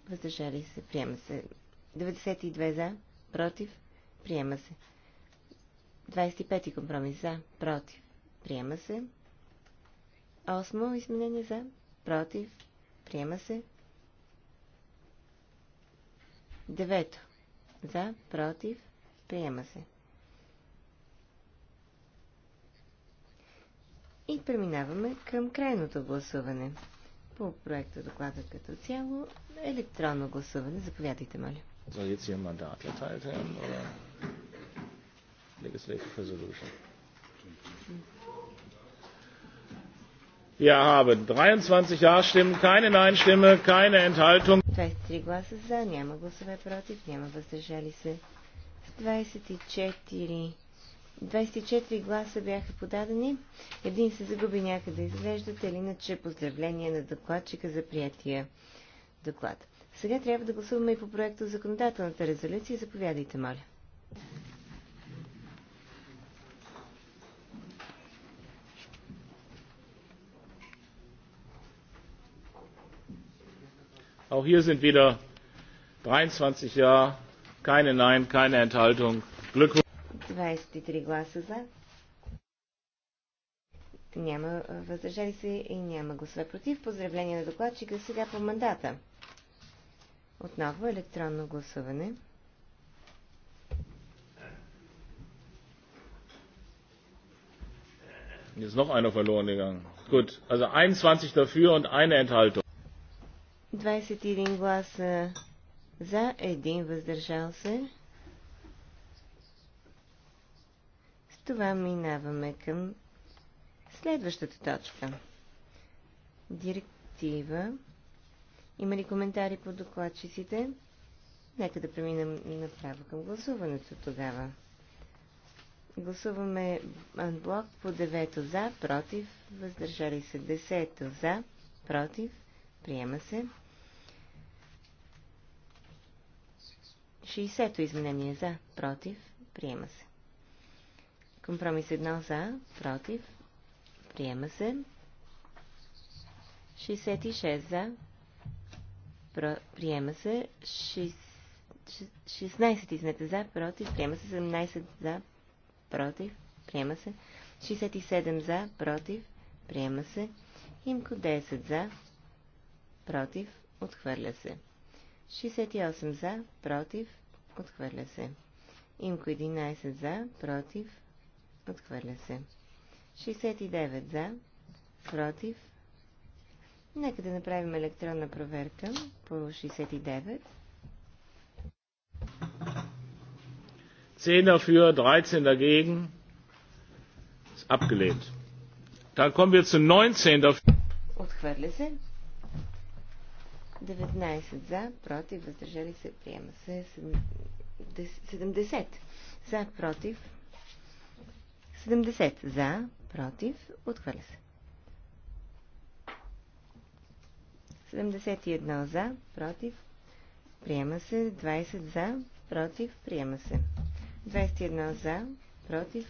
въздържали се, приема се. 92 за, против, приема се. 25 компромис за, против, приема се. 8 изменение за, против, приема се. Девето. За, против, приема се. И преминаваме към крайното гласуване. По проекта доклада като цяло, електронно гласуване. Заповядайте, моля. Soll jetzt hier Mandat erteilt oder Legislative Resolution? Wir haben 23 Ja-Stimmen, keine Nein-Stimme, keine Enthaltung. 23 гласа за, няма гласове против, няма въздържали се. 24 24 гласа бяха подадени. Един се загуби някъде, изглеждат, или иначе поздравление на докладчика за приятия доклад. Сега трябва да гласуваме и по проекта законодателната резолюция. Заповядайте, моля. auch hier sind wieder dreiundzwanzig ja keine nein keine enthaltung. glückwunsch! Няма въздържали Отново електронно гласуване. Jetzt noch einer verloren gegangen. Gut, also 21 dafür und eine Enthaltung. 21 гласа за, 1 въздържал се. С това минаваме към следващата точка. Директива. Има ли коментари по докладчиците? Нека да преминем направо към гласуването тогава. Гласуваме анблок по 9 за, против, въздържали се 10 за, против, Приема се. 60-то изменение за, против, приема се. Компромис 1 за, против, приема се. 66 за, приема се. 16 изменете за, против, приема се. 17 за, против, приема се. 67 за, против, приема се. Имко 10 за, против, отхвърля се. 68 за, против, отхвърля се. Имко 11 за, против, отхвърля се. 69 за, против. Нека да направим електронна проверка по 69. 10 für, 13 dagegen. Ist abgelehnt. Dann kommen wir zu 19 dafür. Отхвърля се. 19 за, против, въздържали се, приема се 70 за, против, 70 за, против, отхвърля се. 71 за, против, приема се, 20 за, против, приема се. 21 за, против,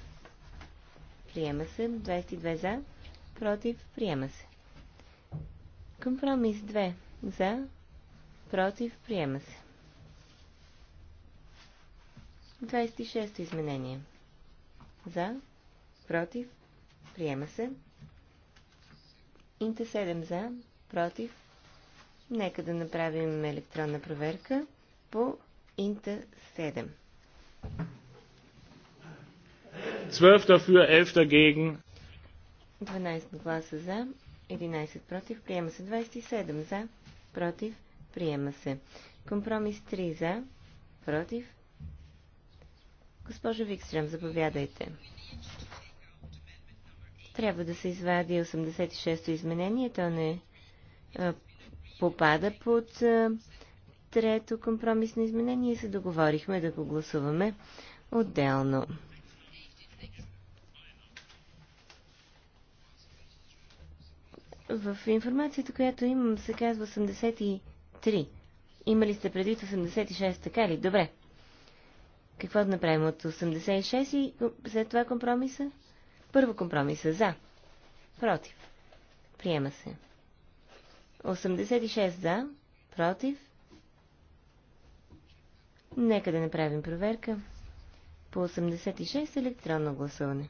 приема се, 22 за, против, приема се. Компромис 2 за. Против. Приема се. 26 изменение. За. Против. Приема се. Инте 7 за. Против. Нека да направим електронна проверка по Инта 7. 12 dafür, 11 dagegen. 12 гласа за, 11 против, приема се 27 за, против, приема се. Компромис 3 за, против. Госпожо Викстрем, заповядайте. Трябва да се извади 86-то изменение, то не а, попада под а, трето компромисно изменение и се договорихме да го гласуваме отделно. В информацията, която имам, се казва 83. Имали сте предвид 86, така ли? Добре. Какво да направим от 86 и след това компромиса? Първо компромиса. За. Против. Приема се. 86 за. Против. Нека да направим проверка. По 86 електронно гласуване.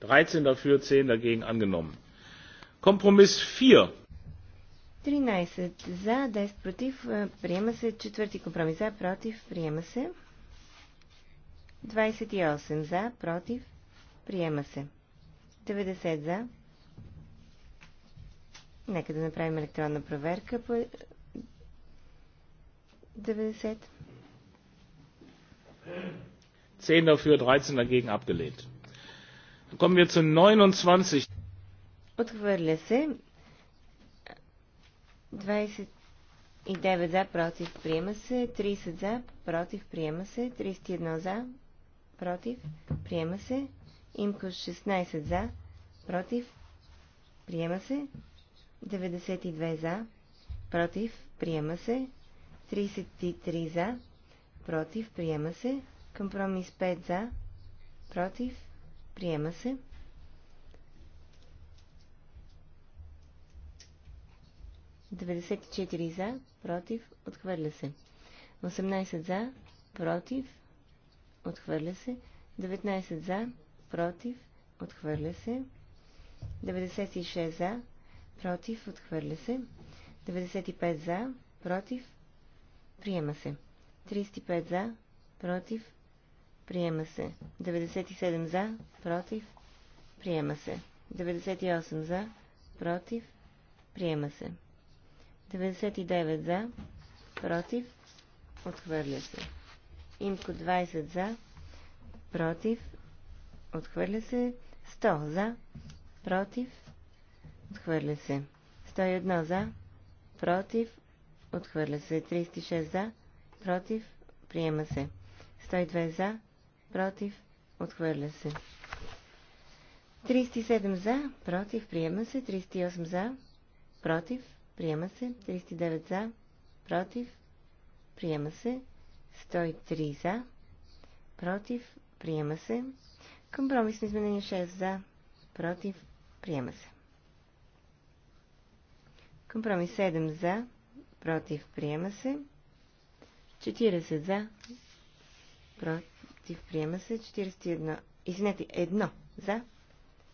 dreizehn dafür zehn dagegen angenommen. kompromiss vier 13 за, 10 против, е, приема се. Четвърти компромис за, против, приема се. 28 за, против, приема се. 90 за. Нека да направим електронна проверка по 90. 10 dafür, 13 dagegen abgelehnt. Kommen wir zu 29. Отхвърля се. 29 за, против, приема се. 30 за, против, приема се. 31 за, против, приема се. Имко 16 за, против, приема се. 92 за, против, приема се. 33 за, против, приема се. Компромис 5 за, против, Приема се. Деветдесет за, против, отхвърля се. 18 за, против, отхвърля се. 19 за, против, отхвърля се. 96 за, против, отхвърля се. 95 за, против, приема се. 35 за, против, Приема се. 97 за. Против. Приема се. 98 за. Против. Приема се. 99 за. Против. Отхвърля се. Имко 20 за. Против. Отхвърля се. 100 за. Против. Отхвърля се. 101 за. Против. Отхвърля се. 36 за. Против. Приема се. 102 за против, отхвърля се. 37 за, против, приема се. 38 за, против, приема се. 39 за, против, приема се. 103 за, против, приема се. Компромисно изменение 6 за, против, приема се. Компромис 7 за, против, приема се. 40 за, против, против, приема се. 41, извинете, 1 за,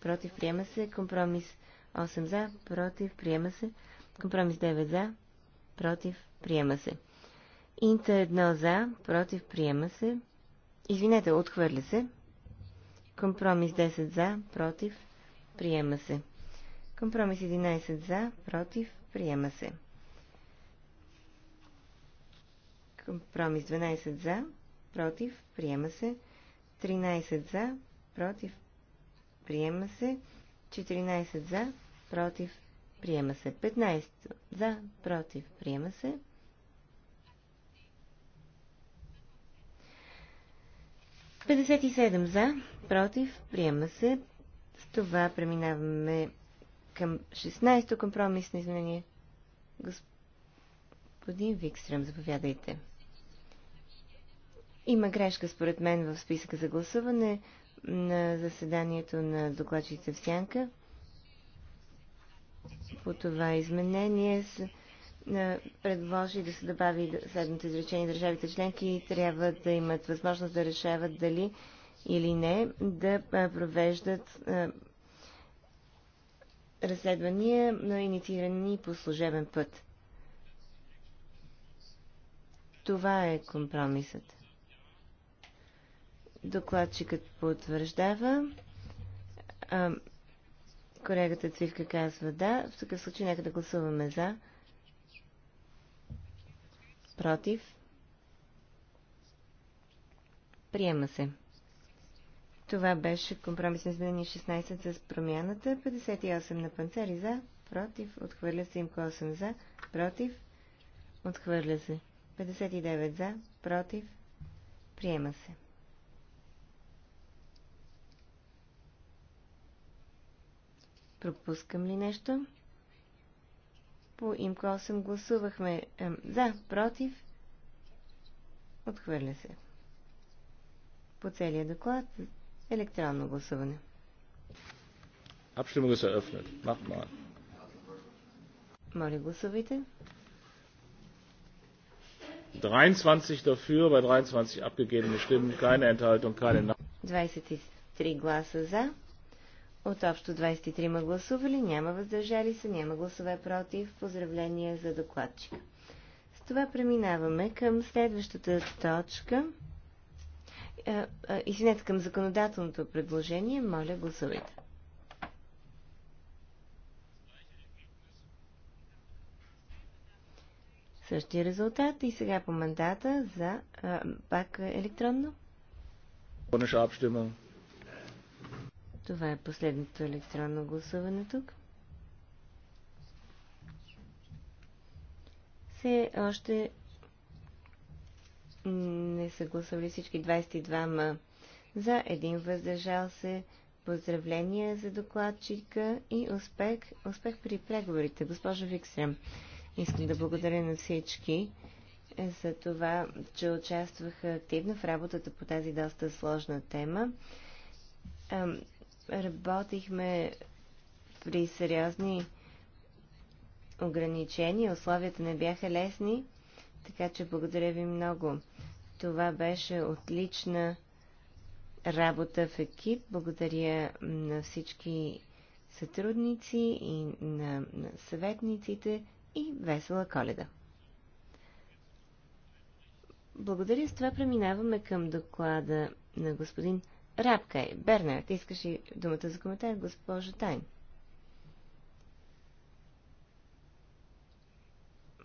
против, приема се. Компромис 8 за, против, приема се. Компромис 9 за, против, приема се. Инта 1 за, против, приема се. Извинете, отхвърля се. Компромис 10 за, против, приема се. Компромис 11 за, против, приема се. Компромис 12 за, против, приема се. 13 за, против, приема се. 14 за, против, приема се. 15 за, против, приема се. Петдесет и седем за, против, приема се. С това преминаваме към 16-то компромисно изменение. Господин Викстрем, заповядайте. Има грешка според мен в списъка за гласуване на заседанието на докладчица в Сянка. По това изменение с, предложи да се добави следното изречение. Държавите членки трябва да имат възможност да решават дали или не да провеждат разследвания, но инициирани по служебен път. Това е компромисът. Докладчикът потвърждава. А, колегата Цивка казва да. В такъв случай нека да гласуваме за. Против. Приема се. Това беше на изменение 16 с промяната. 58 на панцери за. Против. Отхвърля се им 8 за. Против. Отхвърля се. 59 за. Против. Приема се. Пропускам ли нещо? По имко 8 гласувахме е, за, против. Отхвърля се. По целия доклад електронно гласуване. Abstimmung ist eröffnet. Macht Моля, гласувайте. 23 dafür, bei 23 abgegebene Stimmen, keine Enthaltung, keine 23 гласа за, от общо 23 гласували, няма въздържали се, няма гласове против. Поздравления за докладчика. С това преминаваме към следващата точка. Е, е, извинете, към законодателното предложение. Моля, гласувайте. Същия резултат и сега по мандата за а, е, пак електронно. Абстимунг. Това е последното електронно гласуване тук. Все още не са гласували всички 22-ма за един въздържал се. Поздравления за докладчика и успех, успех при преговорите. Госпожо Викстрем, искам да благодаря на всички за това, че участваха активно в работата по тази доста сложна тема работихме при сериозни ограничения, условията не бяха лесни, така че благодаря ви много. Това беше отлична работа в екип. Благодаря на всички сътрудници и на, на съветниците и весела коледа. Благодаря. С това преминаваме към доклада на господин Рабкай. Е. Бернард, искаш ли думата за коментар, госпожо Тайн?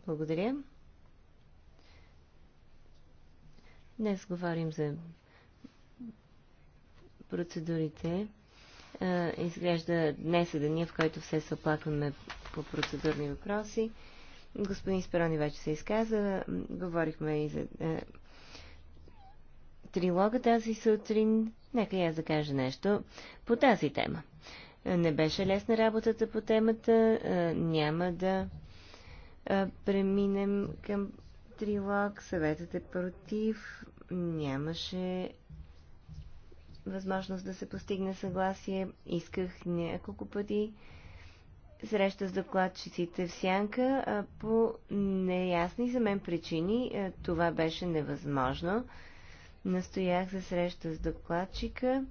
Благодаря. Днес говорим за процедурите. Изглежда днес е деня, в който все се оплакваме по процедурни въпроси. Господин Сперони вече се изказа. Говорихме и за трилога тази сутрин, нека я закажа нещо по тази тема. Не беше лесна работата по темата, няма да преминем към трилог, съветът е против, нямаше възможност да се постигне съгласие. Исках няколко пъти среща с докладчиците в Сянка. По неясни за мен причини това беше невъзможно. Настоях за среща с докладчика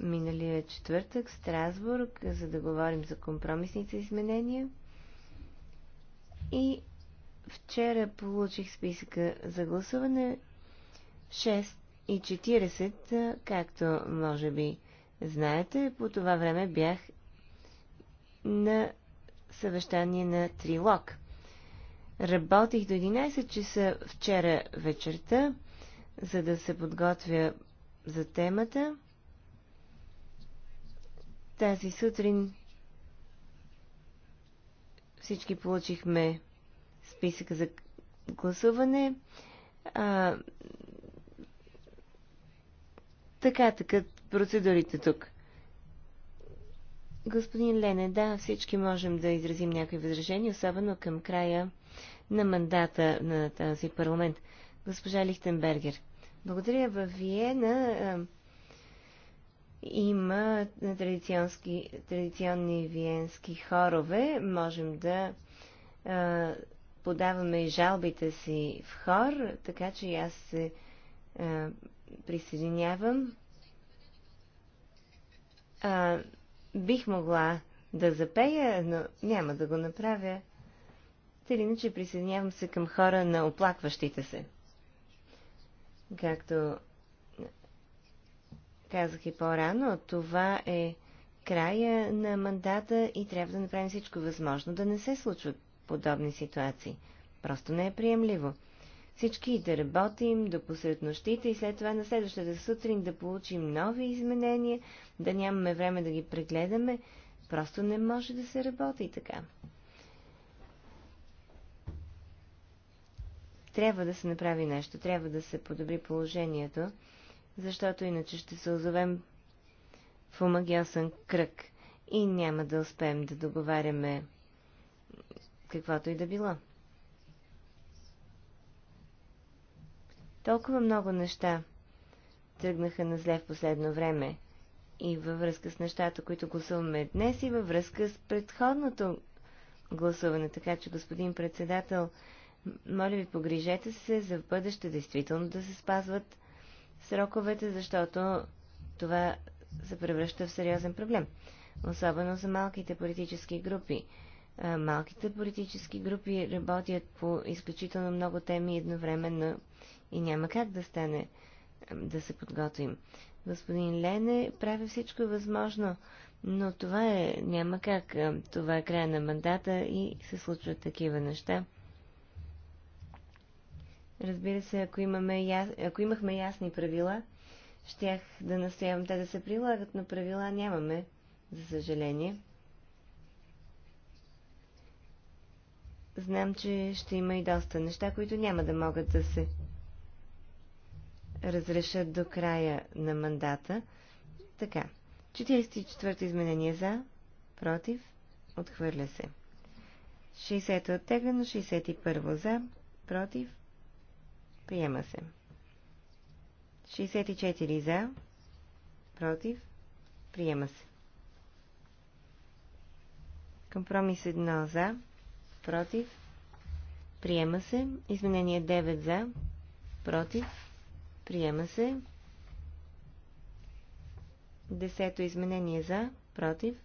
миналия четвъртък в Страсбург, за да говорим за компромисните изменения. И вчера получих списъка за гласуване 6 и 40, както може би знаете, по това време бях на съвещание на Трилог. Работих до 11 часа вчера вечерта за да се подготвя за темата. Тази сутрин всички получихме списъка за гласуване. А, така, така процедурите тук. Господин Лене, да, всички можем да изразим някои възражения, особено към края на мандата на този парламент. Госпожа Лихтенбергер. Благодаря. В Виена а, е, има традиционни виенски хорове. Можем да а, е, подаваме и жалбите си в хор, така че аз се а, е, присъединявам. А, бих могла да запея, но няма да го направя. Тъй иначе присъединявам се към хора на оплакващите се. Както казах и по-рано, това е края на мандата и трябва да направим всичко възможно да не се случват подобни ситуации. Просто не е приемливо. Всички да работим до посред нощите и след това на следващата сутрин да получим нови изменения, да нямаме време да ги прегледаме. Просто не може да се работи така. Трябва да се направи нещо, трябва да се подобри положението, защото иначе ще се озовем в омагиосен кръг и няма да успеем да договаряме каквото и да било. Толкова много неща тръгнаха на зле в последно време и във връзка с нещата, които гласуваме днес и във връзка с предходното гласуване. Така че, господин председател, моля ви, погрижете се за в бъдеще действително да се спазват сроковете, защото това се превръща в сериозен проблем. Особено за малките политически групи. Малките политически групи работят по изключително много теми едновременно и няма как да стане да се подготвим. Господин Лене прави всичко възможно, но това е, няма как. Това е края на мандата и се случват такива неща. Разбира се, ако, имаме яс... ако имахме ясни правила, щях да настоявам те да се прилагат, но правила нямаме, за съжаление. Знам, че ще има и доста неща, които няма да могат да се разрешат до края на мандата. Така. 44-то изменение за, против, отхвърля се. 60-то е оттеглено, 61-во за, против, Приема се. 64 за. Против. Приема се. Компромис 1 за. Против. Приема се. Изменение 9 за. Против. Приема се. Десето изменение за. Против.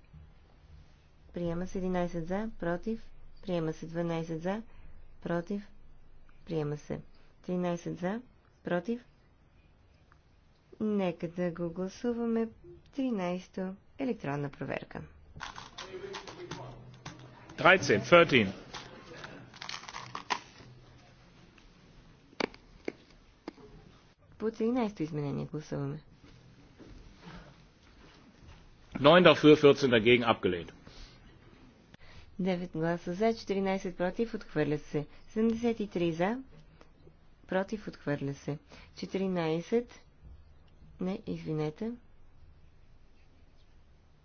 Приема се 11 за. Против. Приема се 12 за. Против. Приема се. 13 за, против. Нека да го гласуваме 13 електронна проверка. 13, 13. По 13-то изменение гласуваме. 9 dafür, 14 dagegen abgelehnt. 9 гласа за, 14 против, отхвърлят се. 73 за, против, отхвърля се. 14, не, извинете.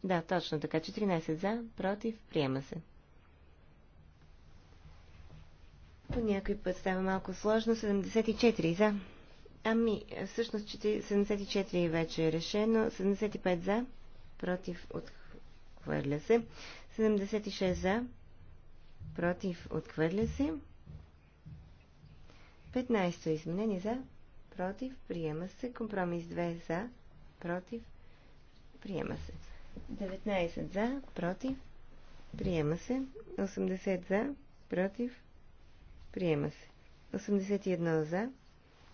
Да, точно така. 14 за, против, приема се. По някой път става малко сложно. 74 за. Ами, всъщност 74 вече е решено. 75 за, против, отхвърля се. 76 за, против, отхвърля се. 15-то изменение за, против, приема се. Компромис 2 за, против, приема се. 19 за, против, приема се. 80 за, против, приема се. 81 за,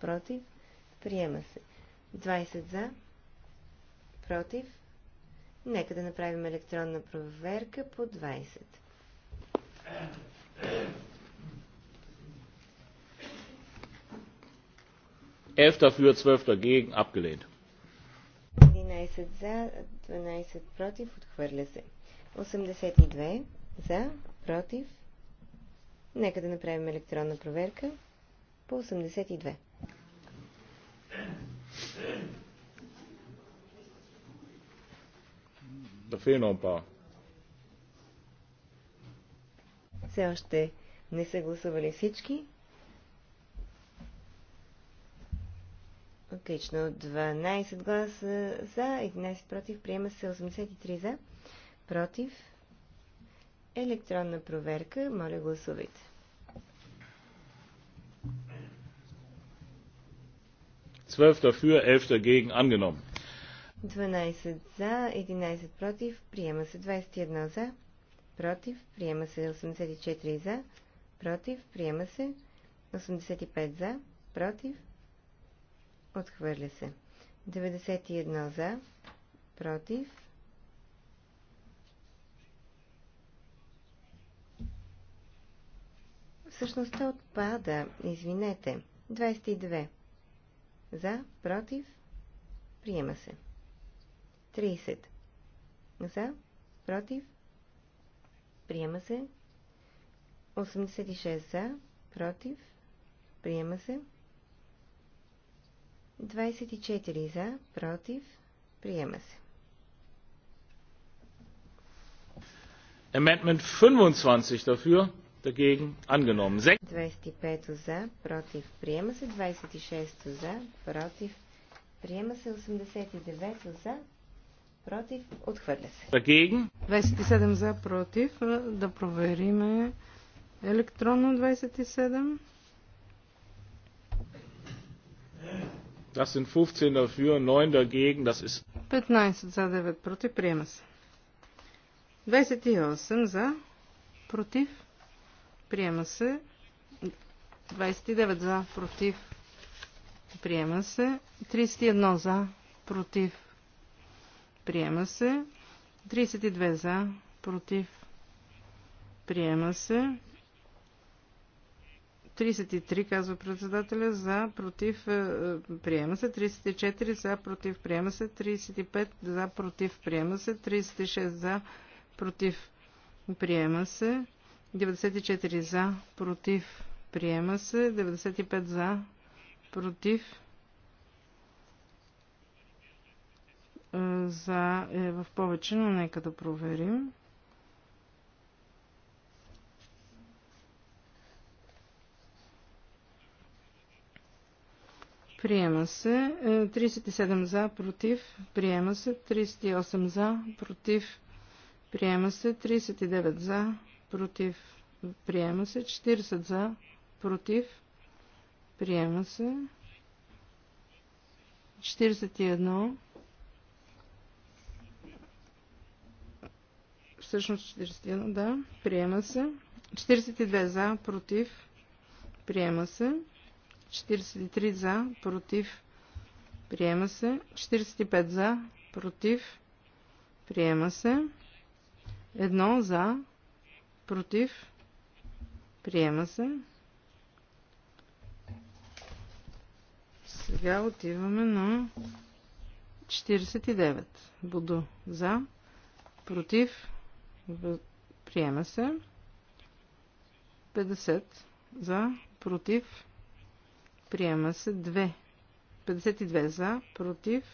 против, приема се. 20 за, против. Нека да направим електронна проверка по 20. 11 dafür, 12 dagegen, abgelehnt. 11 за, 12 против, отхвърля се. 82 за, против. Нека да направим електронна проверка по 82. Да Все още не са гласували всички. Отлично. 12 гласа за, 11 против. Приема се 83 за, против. Електронна проверка. Моля, гласувайте. Zwölf dafür, elf dagegen angenommen. 12 за, 11 против, приема се 21 за, против, приема се 84 за, против, приема се 85 за, против, Отхвърля се. 91 за. Против. Всъщността отпада. Извинете. 22. За. Против. Приема се. 30. За. Против. Приема се. 86 за. Против. Приема се. 24 за, против, приема се. Amendment 25 dafür, dagegen angenommen. 25 за, против, приема се. 26 за, против, приема се. 89 за, против, отхвърля се. Dagegen. 27 за, против, да провериме електронно 27. Das sind 15 dafür, 9 dagegen. Das ist 15 за 9 против. Приема се. 28 за против. Приема се. 29 за против. Приема се. 31 за против. Приема се. 32 за против. Приема се. 33 казва председателя за против е, е, приема се, 34 за против приема се, 35 за против приема се, 36 за против приема се, 94 за против приема се, 95 за против е, за е в повече, но нека да проверим. Приема се. 37 е, за, против. Приема се. 38 за, против. Приема се. 39 за, против. Приема се. 40 за, против. Приема се. 41. Всъщност 41, да. Приема се. 42 за, против. Приема се. 43 за, против, приема се. 45 за, против, приема се. 1 за, против, приема се. Сега отиваме на 49. Буду за, против, приема се. 50 за, против, Приема се 2. 52 за, против.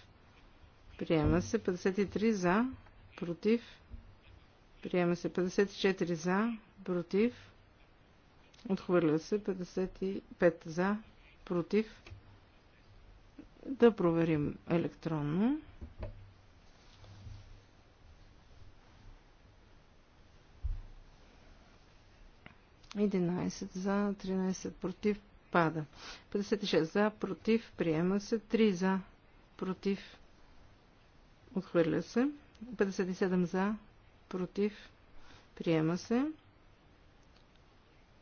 Приема се 53 за, против. Приема се 54 за, против. Отхвърля се 55 за, против. Да проверим електронно. Единайсет за, 13 против, отпада. 56 за, против, приема се. 3 за, против, отхвърля се. 57 за, против, приема се.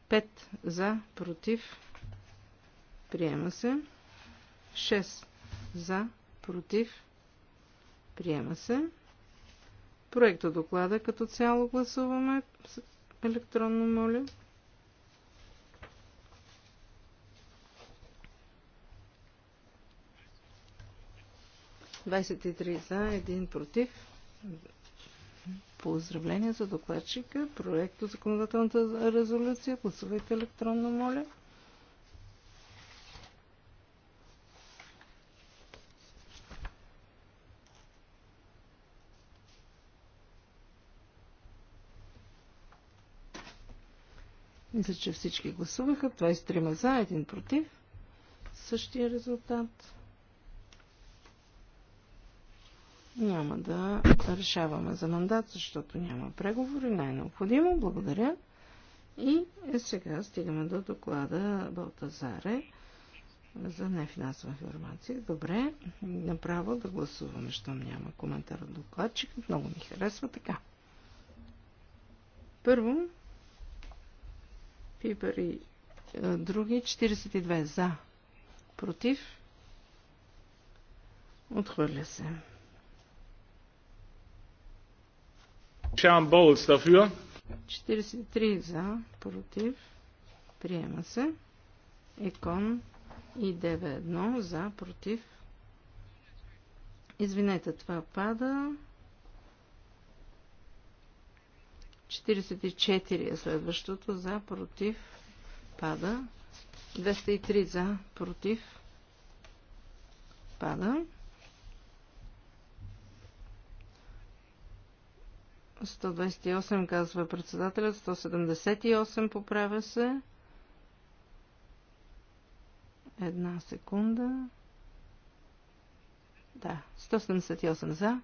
5 за, против, приема се. 6 за, против, приема се. Проекта доклада като цяло гласуваме електронно, моля. 23 за, 1 против. Поздравления за докладчика. Проекто законодателната резолюция. Гласувайте електронно, моля. Мисля, че всички гласуваха. 23 за, 1 против. Същия резултат. няма да решаваме за мандат, защото няма преговори, не е необходимо. Благодаря. И е сега стигаме до доклада Балтазаре за нефинансова информация. Добре, направо да гласуваме, щом няма коментар от докладчик, Много ми харесва така. Първо, Пипер и е, други, 42 за, против, отхвърля се. Шан Боулс дафюр. 43 за, против, приема се. Екон и 9 за, против. Извинете, това пада. 44 е следващото за, против, пада. 203 за, против, пада. 128 казва председателят, 178 поправя се. Една секунда. Да, 178 за.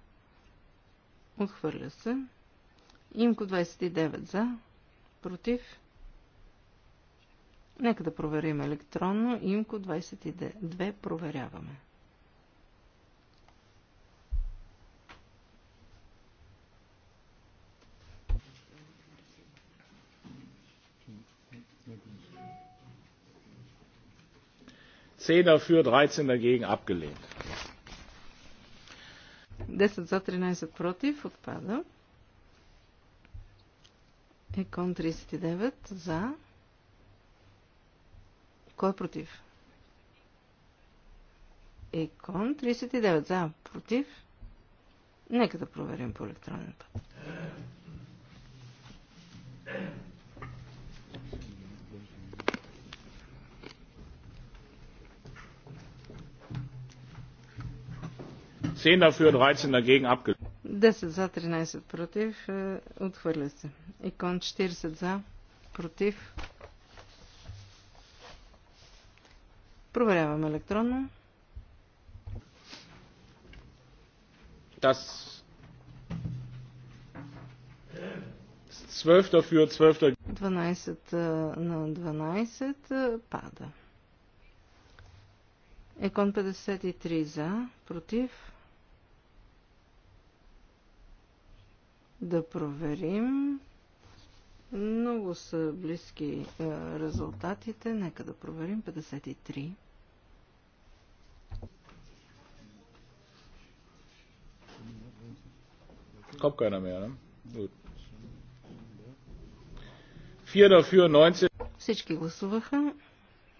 Отхвърля се. Имко 29 за. Против. Нека да проверим електронно. Имко 22 проверяваме. 10 dafür, 13 dagegen abgelehnt. 10 за 13 против отпада. Екон 39 за. Кой е против? Екон 39 за. Против? Нека да проверим по електронен път. 10 dafür, 13 dagegen abgelehnt. 10 за, 13 против. Е, отхвърля се. Икон 40 за, против. Проверявам електронно. Das 12 dafür, 12 dagegen. 12 е, на 12 е, пада. Екон 53 за, против. да проверим. Много са близки е, резултатите. Нека да проверим 53. Kommt keiner mehr, ne? Gut. 4 dafür, 19. Всички гласуваха.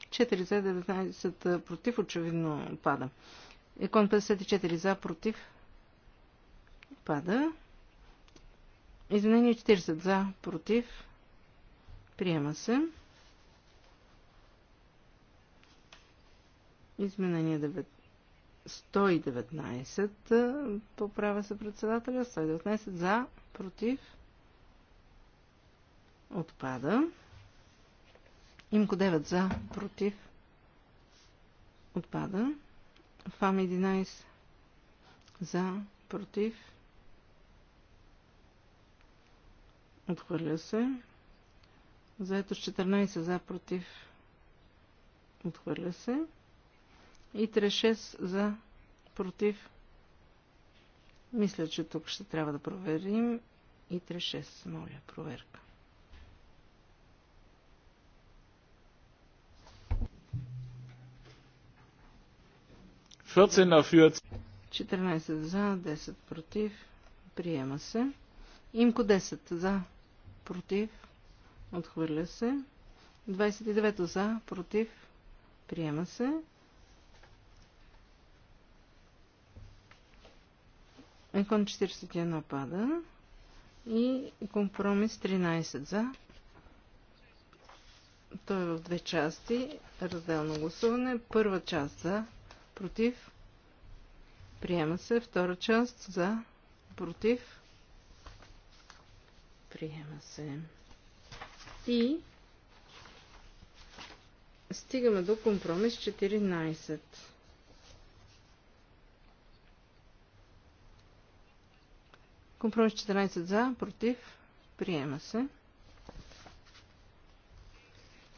4 за, 19 против. Очевидно пада. Икон 54 за, против. Пада. Изменение 40 за, против. Приема се. Изменение 119 поправя се председателя, 119 за, против, отпада. Имко 9 за, против, отпада. ФАМ 11 за, против, Отхвърля се. Заето с 14 за против. Отхвърля се. И 36 за против. Мисля, че тук ще трябва да проверим. И 36, моля, проверка. Dafür. 14 за, 10 против. Приема се. Имко 10 за, против, отхвърля се. 29 за, против, приема се. Екон 41 пада. И компромис 13 за. Той е в две части. Разделно гласуване. Първа част за, против, приема се. Втора част за, против, Приема се. И стигаме до компромис 14. Компромис 14 за, против, приема се.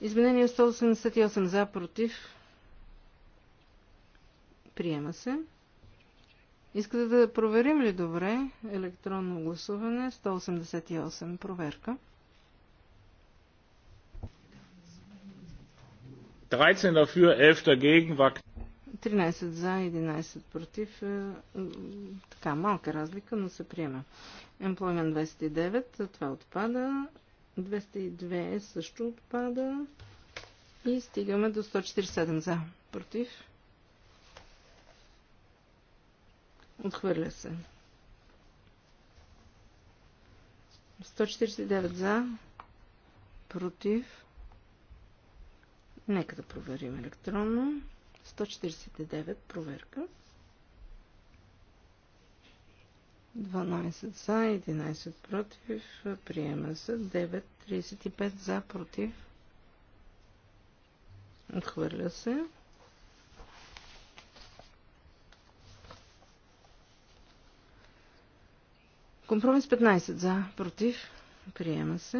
Изменение 188 за, против, приема се. Искате да проверим ли добре електронно гласуване 188 проверка? 13 dafür, 11 dagegen, 13 за, 11 против. Е, така, малка разлика, но се приема. Employment 29, това отпада. 202 също отпада. И стигаме до 147 за, против. Отхвърля се. 149 за. Против. Нека да проверим електронно. 149 проверка. 12 за, 11 против. Приема се. 9, 35 за, против. Отхвърля се. Компромис 15 за, против, приема се.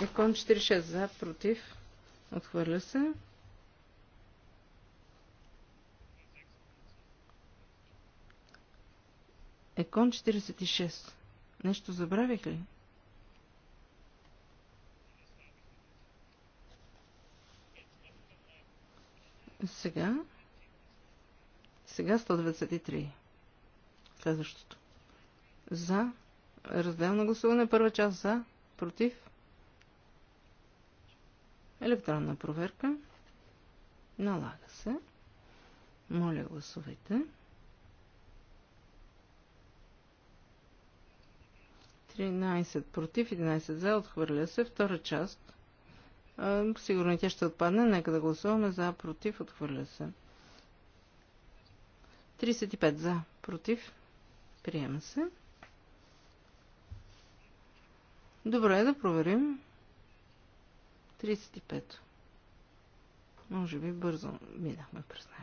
Екон 46 за, против, отхвърля се. Екон 46. Нещо забравих ли? Сега сега 193. Следващото. За. Разделно гласуване. Първа част за. Против. Електронна проверка. Налага се. Моля, гласувайте. 13 против, 11 за. Отхвърля се. Втора част. Сигурно тя ще отпадне. Нека да гласуваме за, против, отхвърля се. 35 за, против, приема се. Добре, да проверим. 35. Може би бързо минахме през него.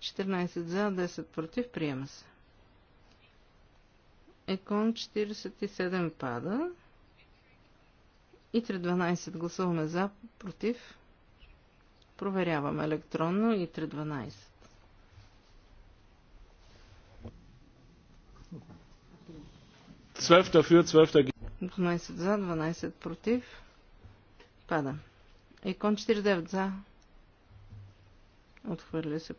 Четирнайсет за, 10 против, приема се. Екон 47 пада. И 312 гласуваме за, против. Проверяваме електронно и 312. Dafür, 12 за, 12 против. Пада. Икон 49 за. Отхвърля се,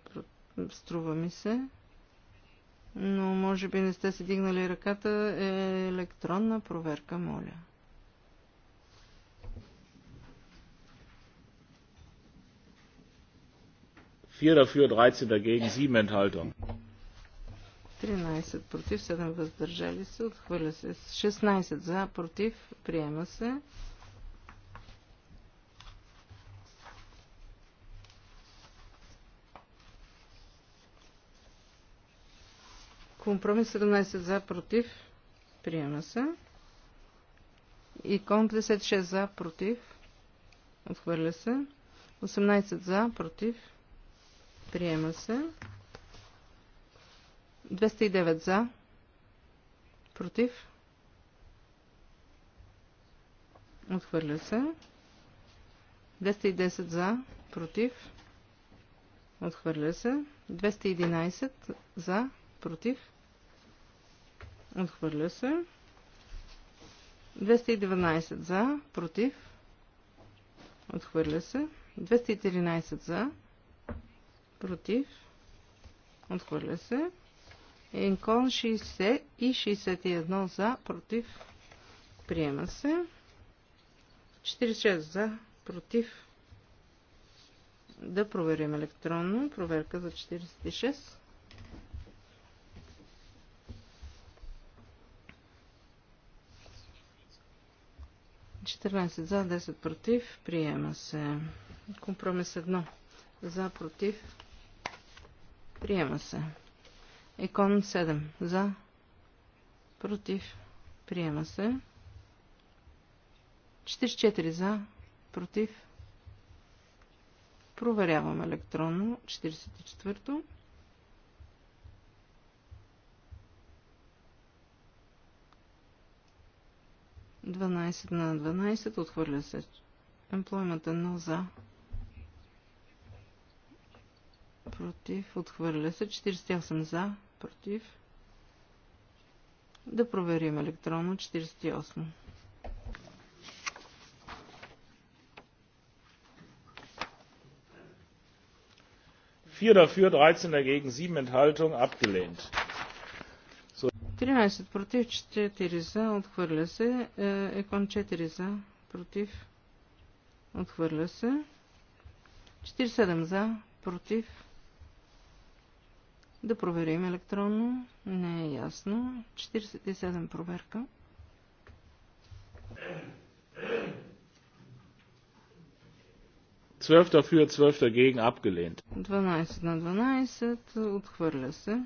струва ми се. Но може би не сте си дигнали ръката. Е, електронна проверка, моля. 4 dafür, 13 dagegen, 7 Enthaltungen. 13 против, 7 въздържали се, отхвърля се. 16 за, против, приема се. Компромис 17 за, против, приема се. И кон 56 за, против, отхвърля се. 18 за, против, Приема се. 209 за. Против. Отхвърля се. 210 за. Против. Отхвърля се. 211 за. Против. Отхвърля се. 219 за. Против. Отхвърля се. 213 за против, отхвърля се. Инкон 60 и 61 за, против, приема се. 46 за, против. Да проверим електронно. Проверка за 46. за, 10 против. Приема се. Компромис 1. За, против. Приема се. Екон 7. За. Против. Приема се. 44 за. Против. Проверявам електронно. 44-то. Дванайсет на 12. Отхвърля се. Емплоймата 1 за против, отхвърля се. 48 за, против. Да проверим електронно 48. Vier dafür, 13 dagegen, 7 enthaltung, abgelehnt. 13 против, 4 за, отхвърля се. Е, Екон 4 за, против, отхвърля се. 47 за, против, да проверим електронно. Не е ясно. 47 проверка. Dafür, 12 dagegen 12 на 12 отхвърля се.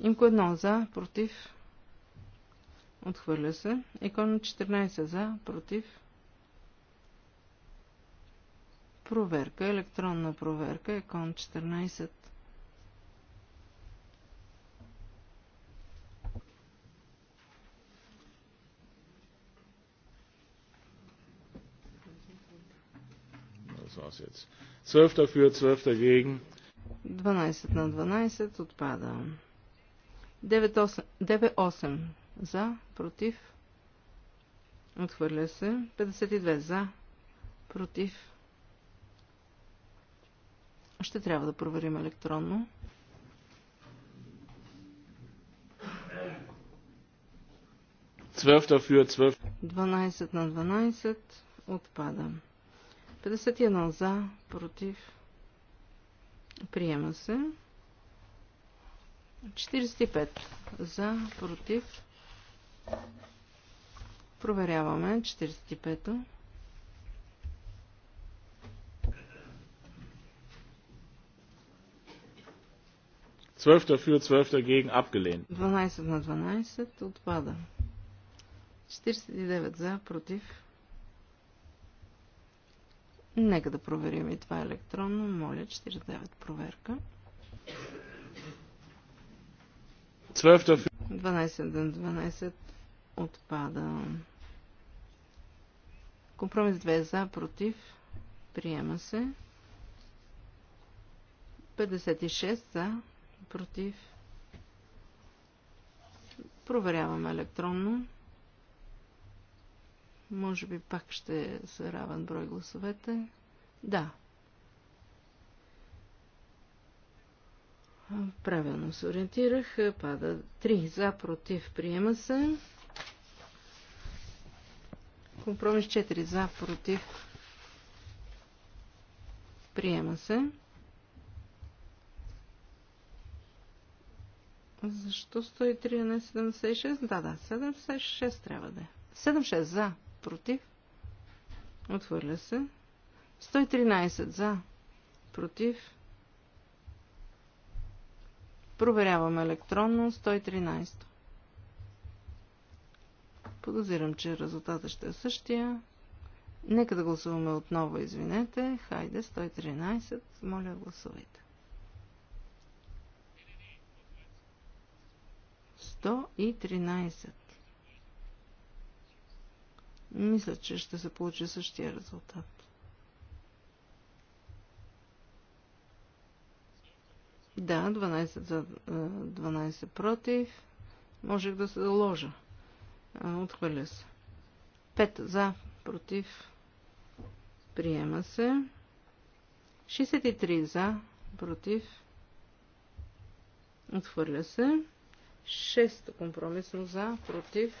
Имко едно за, против. Отхвърля се. Икон 14 за, против. Проверка, електронна проверка, икон 14. es jetzt. 12 dafür, 12 dagegen. 12 на 12 отпада. 9-8 за, против. Отхвърля се. 52 за, против. Ще трябва да проверим електронно. Dafür, 12 на 12 отпада. 51 за, против, приема се. 45 за, против. Проверяваме 45-то. Zwölfter für zwölfter gegen abgelehnt. 12 на 12 отпада. 49 за, против. Нека да проверим и това електронно. Моля, 49 проверка. 12 12 отпада. Компромис 2 за, против. Приема се. 56 за, против. Проверяваме електронно. Може би пак ще са равен брой гласовете. Да. Правилно се ориентирах. Пада 3 за, против, приема се. Компромис 4 за, против, приема се. Защо 103, а не 76? Да, да, 76 трябва да е. 76 за, против, отхвърля се. 113 за, против. Проверяваме електронно 113. Подозирам, че резултата ще е същия. Нека да гласуваме отново, извинете. Хайде, 113. Моля, гласувайте. 113 мисля, че ще се получи същия резултат. Да, 12 за 12 против. Можех да се заложа. Отхвърля се. 5 за против. Приема се. 63 за против. Отхвърля се. 6 компромисно за против.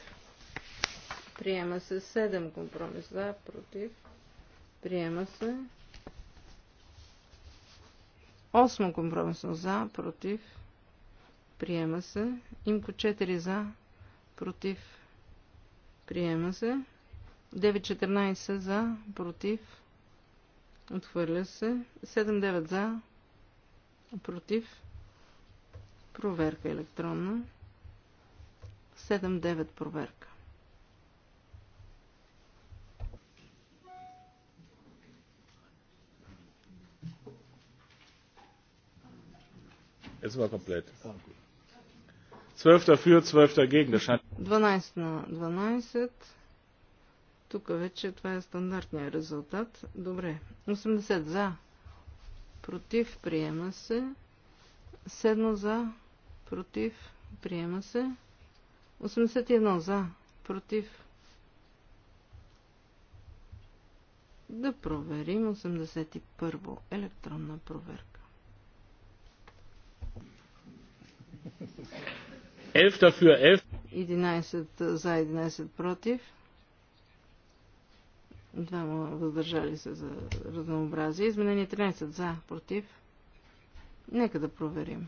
Приема се 7 компромис против. Приема се. 8 компромисно за, против. Приема се. Имко 4 за, против. Приема се. 9-14 за, против. Отхвърля се. 7-9 за, против. Проверка електронна. 7-9 проверка. Jetzt war komplett. 12 dafür, 12 dagegen. Das scheint 12 на 12. Тук вече това е стандартният резултат. Добре. 80 за. Против. Приема се. 7 за. Против. Приема се. 81 за. Против. Да проверим 81 електронна проверка. 11 dafür, 11. 11 за, 11 против. Двама въздържали се за разнообразие. Изменение 13 за, против. Нека да проверим.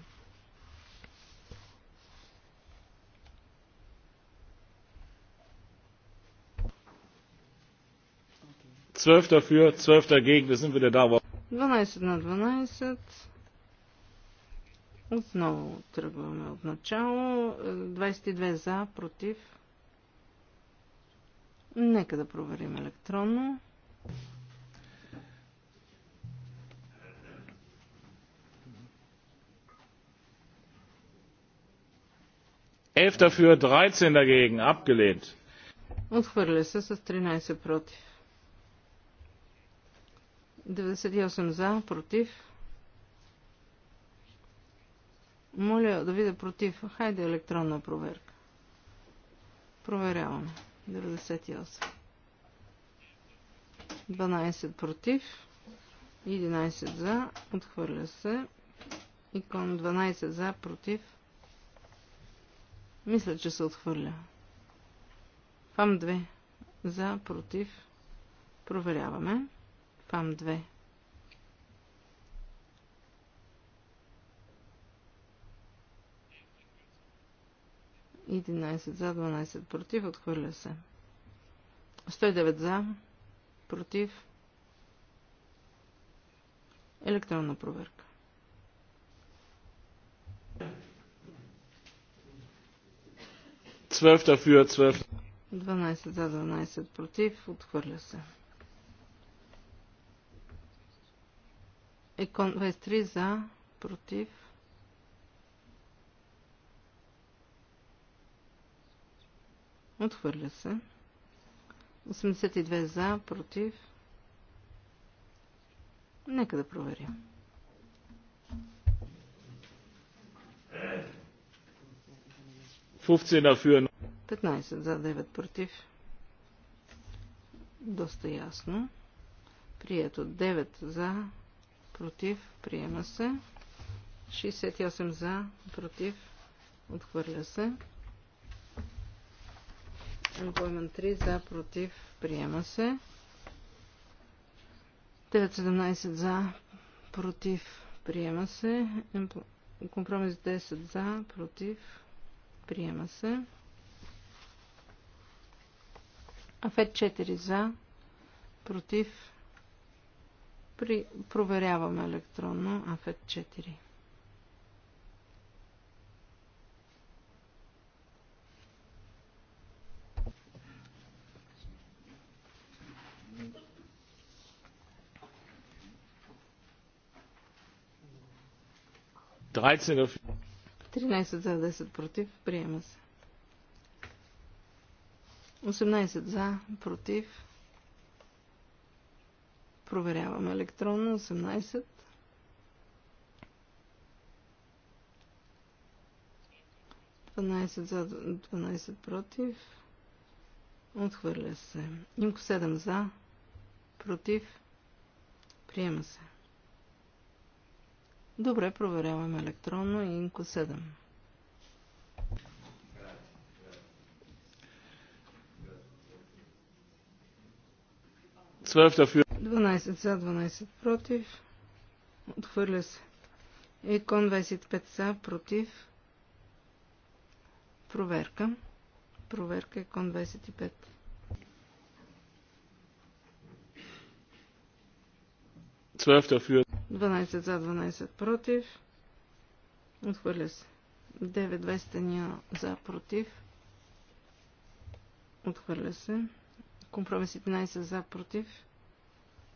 12 dafür, 12 dagegen, wir sind wieder da. 12 на 12. Отново тръгваме от начало. 22 е, за, против. Нека да проверим електронно. Elf dafür, 13 dagegen. Abgelehnt. Отхвърля се с 13 против. 98 за, против. Моля да видя против. Хайде електронна проверка. Проверяваме. 98. 12 против. 11 за. Отхвърля се. Икон 12 за, против. Мисля, че се отхвърля. ФАМ 2. За, против. Проверяваме. ФАМ 2. 11 за, 12 против, отхвърля се. 109 за, против. Електронна проверка. Dafür, 12. 12 за, 12 против, отхвърля се. Екон 23 за, против. Отхвърля се. 82 за, против. Нека да проверим. Нафюр. 15 за, 9 против. Доста ясно. Прието 9 за, против, приема се. 68 за, против, отхвърля се. Employment 3 за, против, приема се. 9.17 за, против, приема се. Компромис 10 за, против, приема се. Афет 4 за, против, при... проверяваме електронно Афет 4. 13 dafür. 13 за, 10 против. Приема се. 18 за, против. Проверяваме електронно. 18. 12 за, 12 против. Отхвърля се. Имко 7 за, против. Приема се. Добре, проверяваме електронно и Инко 7. 12 за, 12 против. Отхвърля се. Икон 25 за, против. Проверка. Проверка Икон 25. 12 dafür. 12 за, 12 против. Отхвърля се. 9 вестения за, против. Отхвърля се. Компромис 11 за, против.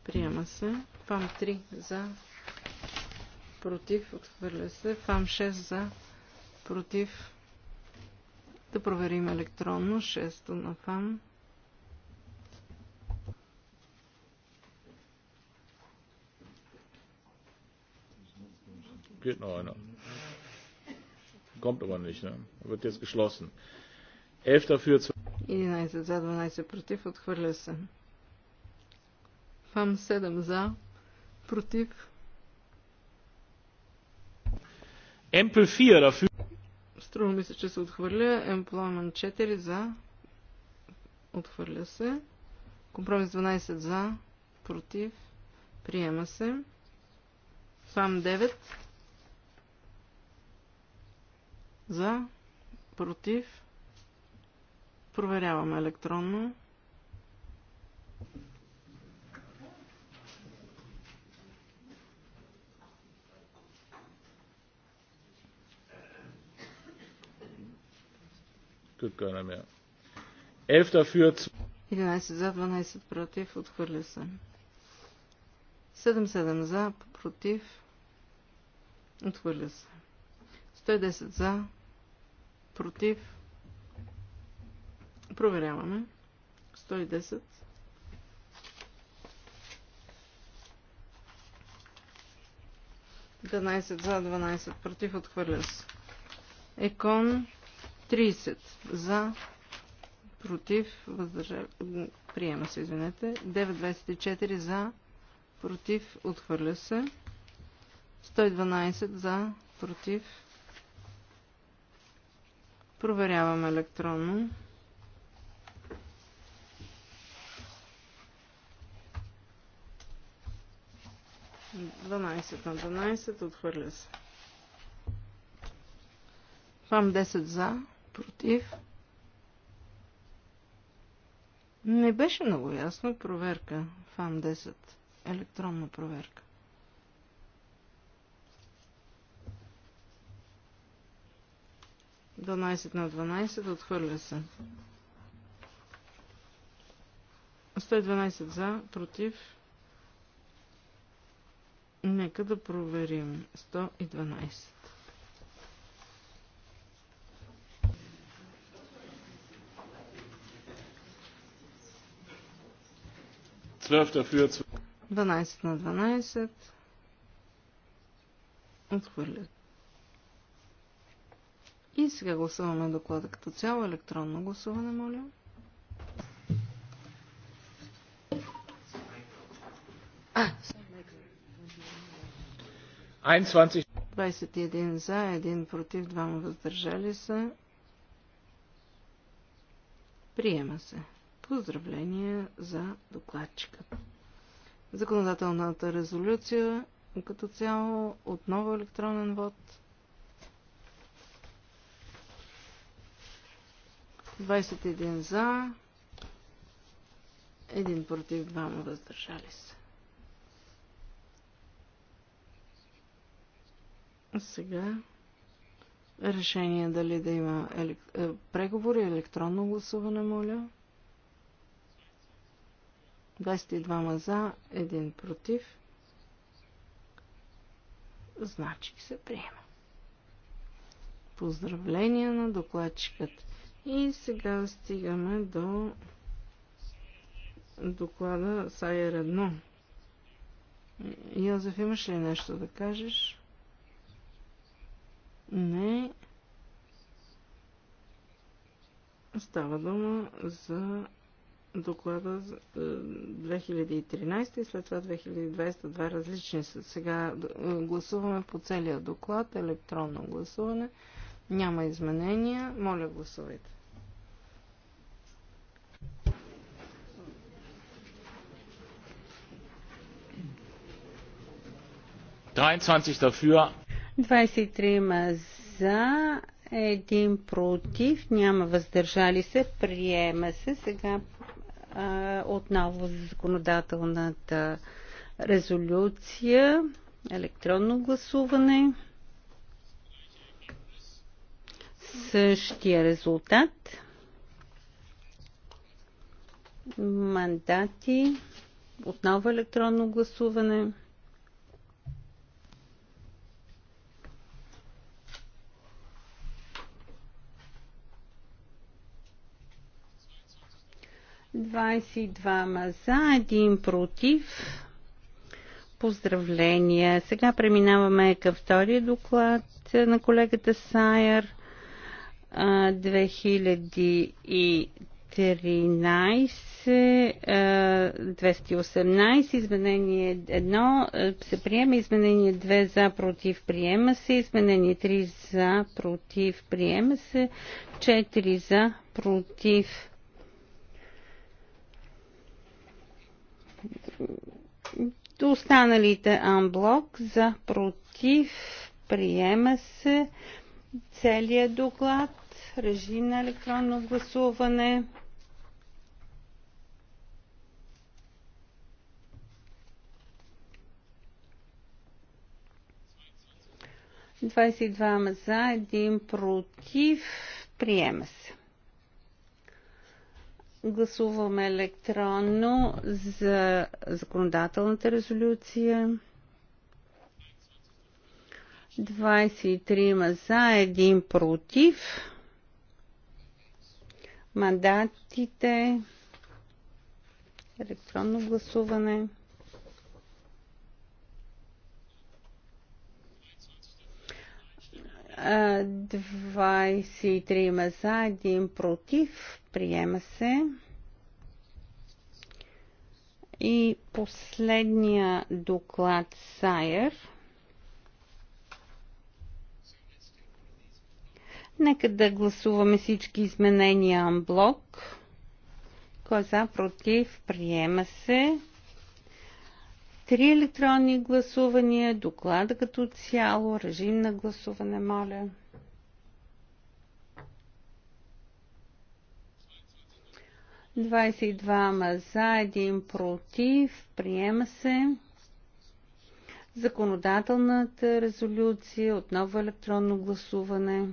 Приема се. ФАМ 3 за, против. Отхвърля се. ФАМ 6 за, против. Да проверим електронно. 6 на ФАМ. Geht noch einer. Kommt aber nicht, ne? Wird jetzt geschlossen. 11 dafür, за, 12 против, отхвърля се. Фам 7 за, против. Емпл 4 дафür. Струва ми се, че се отхвърля. Employment 4 за, отхвърля се. Компромис 12 за, против, приема се. Фам 9 за. Против. Проверяваме електронно. Good God, I'm 11 11 за, 12 против, отхвърля се. 7-7 за, против, отхвърля се. 110 за, против. Проверяваме. 110. 12 за, 12 против, отхвърля се. Екон 30 за, против, въздържа... приема се, извинете. 9.24 за, против, отхвърля се. 112 за, против, Проверявам електронно. Дванайсет на 12 отхвърля се. Пам 10 за, против. Не беше много ясно проверка. ФАМ 10. Електронна проверка. 12 на 12 отхвърля се. 112 за, против. Нека да проверим. 112. Dafür. 12 на 12. Отхвърлят. И сега гласуваме доклада като цяло. Електронно гласуване, моля. А, 21. за, 1 против, 2 въздържали се. Приема се. Поздравления за докладчика. Законодателната резолюция като цяло отново електронен вод. 21 за, 1 против, 2 въздържали се. Сега решение дали да има елек... Е, преговори, електронно гласуване, моля. 22 за, 1 против. Значи се приема. Поздравления на докладчиката. И сега стигаме до доклада Сайер 1. Йозеф, имаш ли нещо да кажеш? Не. Става дума за доклада за 2013 е, и след това 2020. Два различни са. Сега е, гласуваме по целия доклад, електронно гласуване. Няма изменения. Моля, гласувайте. Дафюр. 23 за, един против, няма въздържали се, приема се. Сега а, отново за законодателната резолюция, електронно гласуване. същия резултат. Мандати. Отново електронно гласуване. Двадесет двама за, един против. Поздравления! Сега преминаваме към втория доклад на колегата Сайер. 2013 218, изменение 1 се приема, изменение 2 за, против, приема се, изменение 3 за, против, приема се, 4 за, против, останалите анблок за, против, приема се, целият доклад режим на електронно гласуване. Двадесет двама за, един против. Приема се. Гласуваме електронно за законодателната резолюция. 23 за, 1 против мандатите, електронно гласуване. А, 23 има за, един против. Приема се. И последния доклад Сайер. Нека да гласуваме всички изменения блок. Кой е за, против, приема се. Три електронни гласувания, доклада като цяло, режим на гласуване, моля. 22 за, един против. Приема се. Законодателната резолюция, отново електронно гласуване.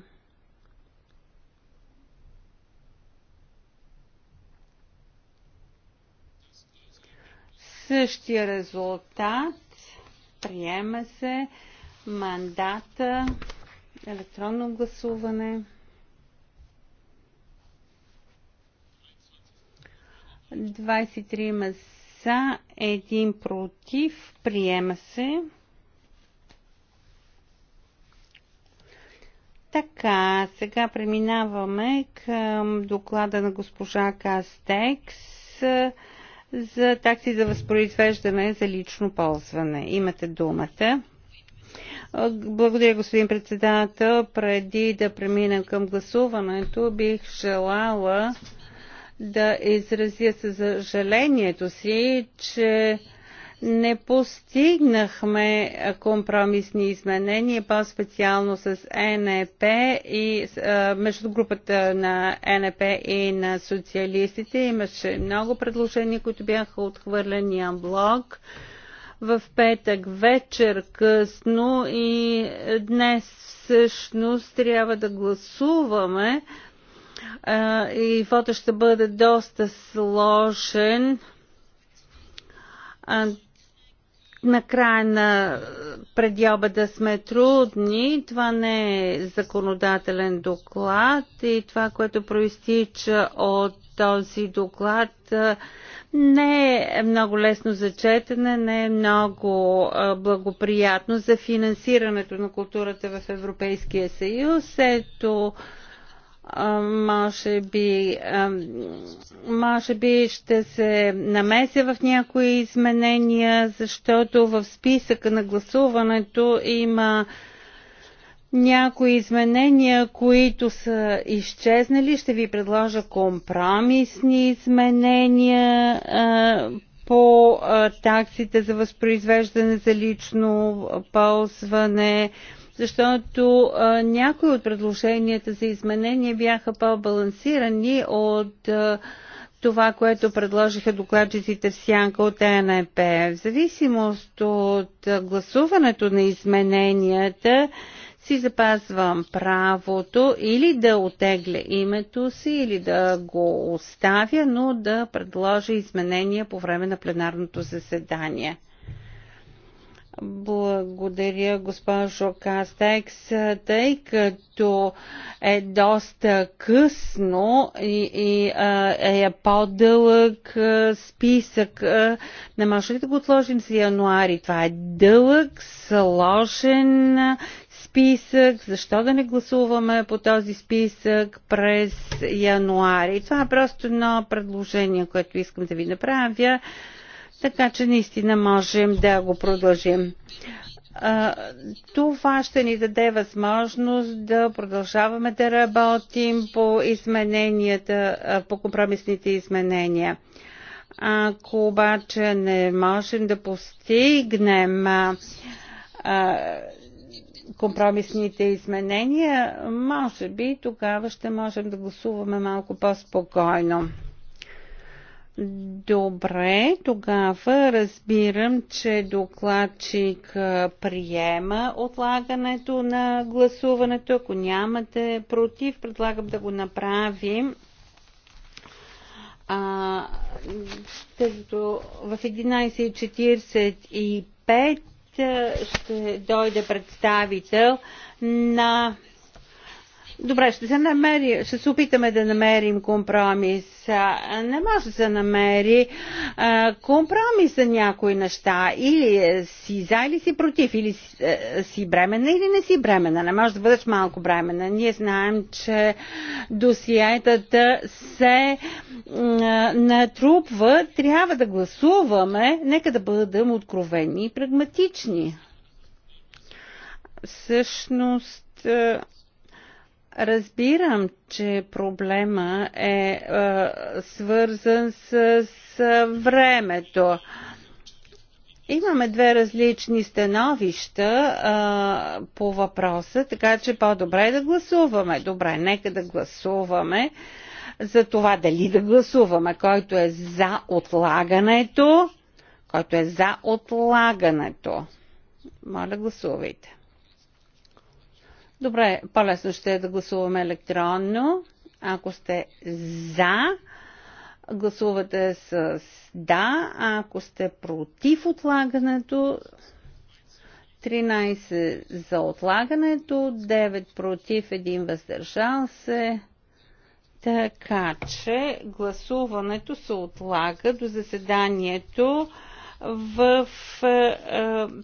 същия резултат. Приема се мандата електронно гласуване. 23 ма за, 1 против. Приема се. Така, сега преминаваме към доклада на госпожа Кастекс за такси за възпроизвеждане за лично ползване. Имате думата. Благодаря, господин председател. Преди да преминем към гласуването, бих желала да изразя съжалението си, че не постигнахме компромисни изменения, по-специално с НП и между групата на НЕП и на социалистите. Имаше много предложения, които бяха отхвърлени блок в петък вечер късно и днес всъщност трябва да гласуваме и фото ще бъде доста сложен накрая на преди обеда сме трудни. Това не е законодателен доклад и това, което проистича от този доклад не е много лесно за четене, не е много благоприятно за финансирането на културата в Европейския съюз. Ето може би, може би ще се намеся в някои изменения, защото в списъка на гласуването има някои изменения, които са изчезнали. Ще ви предложа компромисни изменения по таксите за възпроизвеждане за лично ползване, защото а, някои от предложенията за изменения бяха по-балансирани от а, това, което предложиха докладчиците в сянка от ЕНП. В зависимост от гласуването на измененията, си запазвам правото или да отегля името си, или да го оставя, но да предложа изменения по време на пленарното заседание. Благодаря, госпожо Кастекс, тъй като е доста късно и, и а, е по-дълъг списък. не може ли да го отложим за януари? Това е дълъг, сложен списък, защо да не гласуваме по този списък през януари. Това е просто едно предложение, което искам да ви направя така че наистина можем да го продължим. Това ще ни даде възможност да продължаваме да работим по измененията, по компромисните изменения. Ако обаче не можем да постигнем компромисните изменения, може би тогава ще можем да гласуваме малко по-спокойно. Добре, тогава разбирам, че докладчик приема отлагането на гласуването. Ако нямате против, предлагам да го направим. А, в 11.45 ще дойде представител на Добре, ще се намери, ще се опитаме да намерим компромис. Не може да се намери компромис за някои неща. Или си за, или си против, или е, си бремена, или не си бремена. Не може да бъдеш малко бремена. Ние знаем, че досиетата се натрупва. Трябва да гласуваме. Нека да бъдем откровени и прагматични. Всъщност, е, Разбирам, че проблема е, е свързан с, с времето. Имаме две различни становища а, е, по въпроса, така че по-добре е да гласуваме. Добре, нека да гласуваме за това дали да гласуваме, който е за отлагането, който е за отлагането. Моля, гласувайте. Добре, по-лесно ще е да гласуваме електронно. Ако сте за, гласувате с да. Ако сте против отлагането, 13 за отлагането, 9 против, 1 въздържал се. Така че гласуването се отлага до заседанието в, е, е,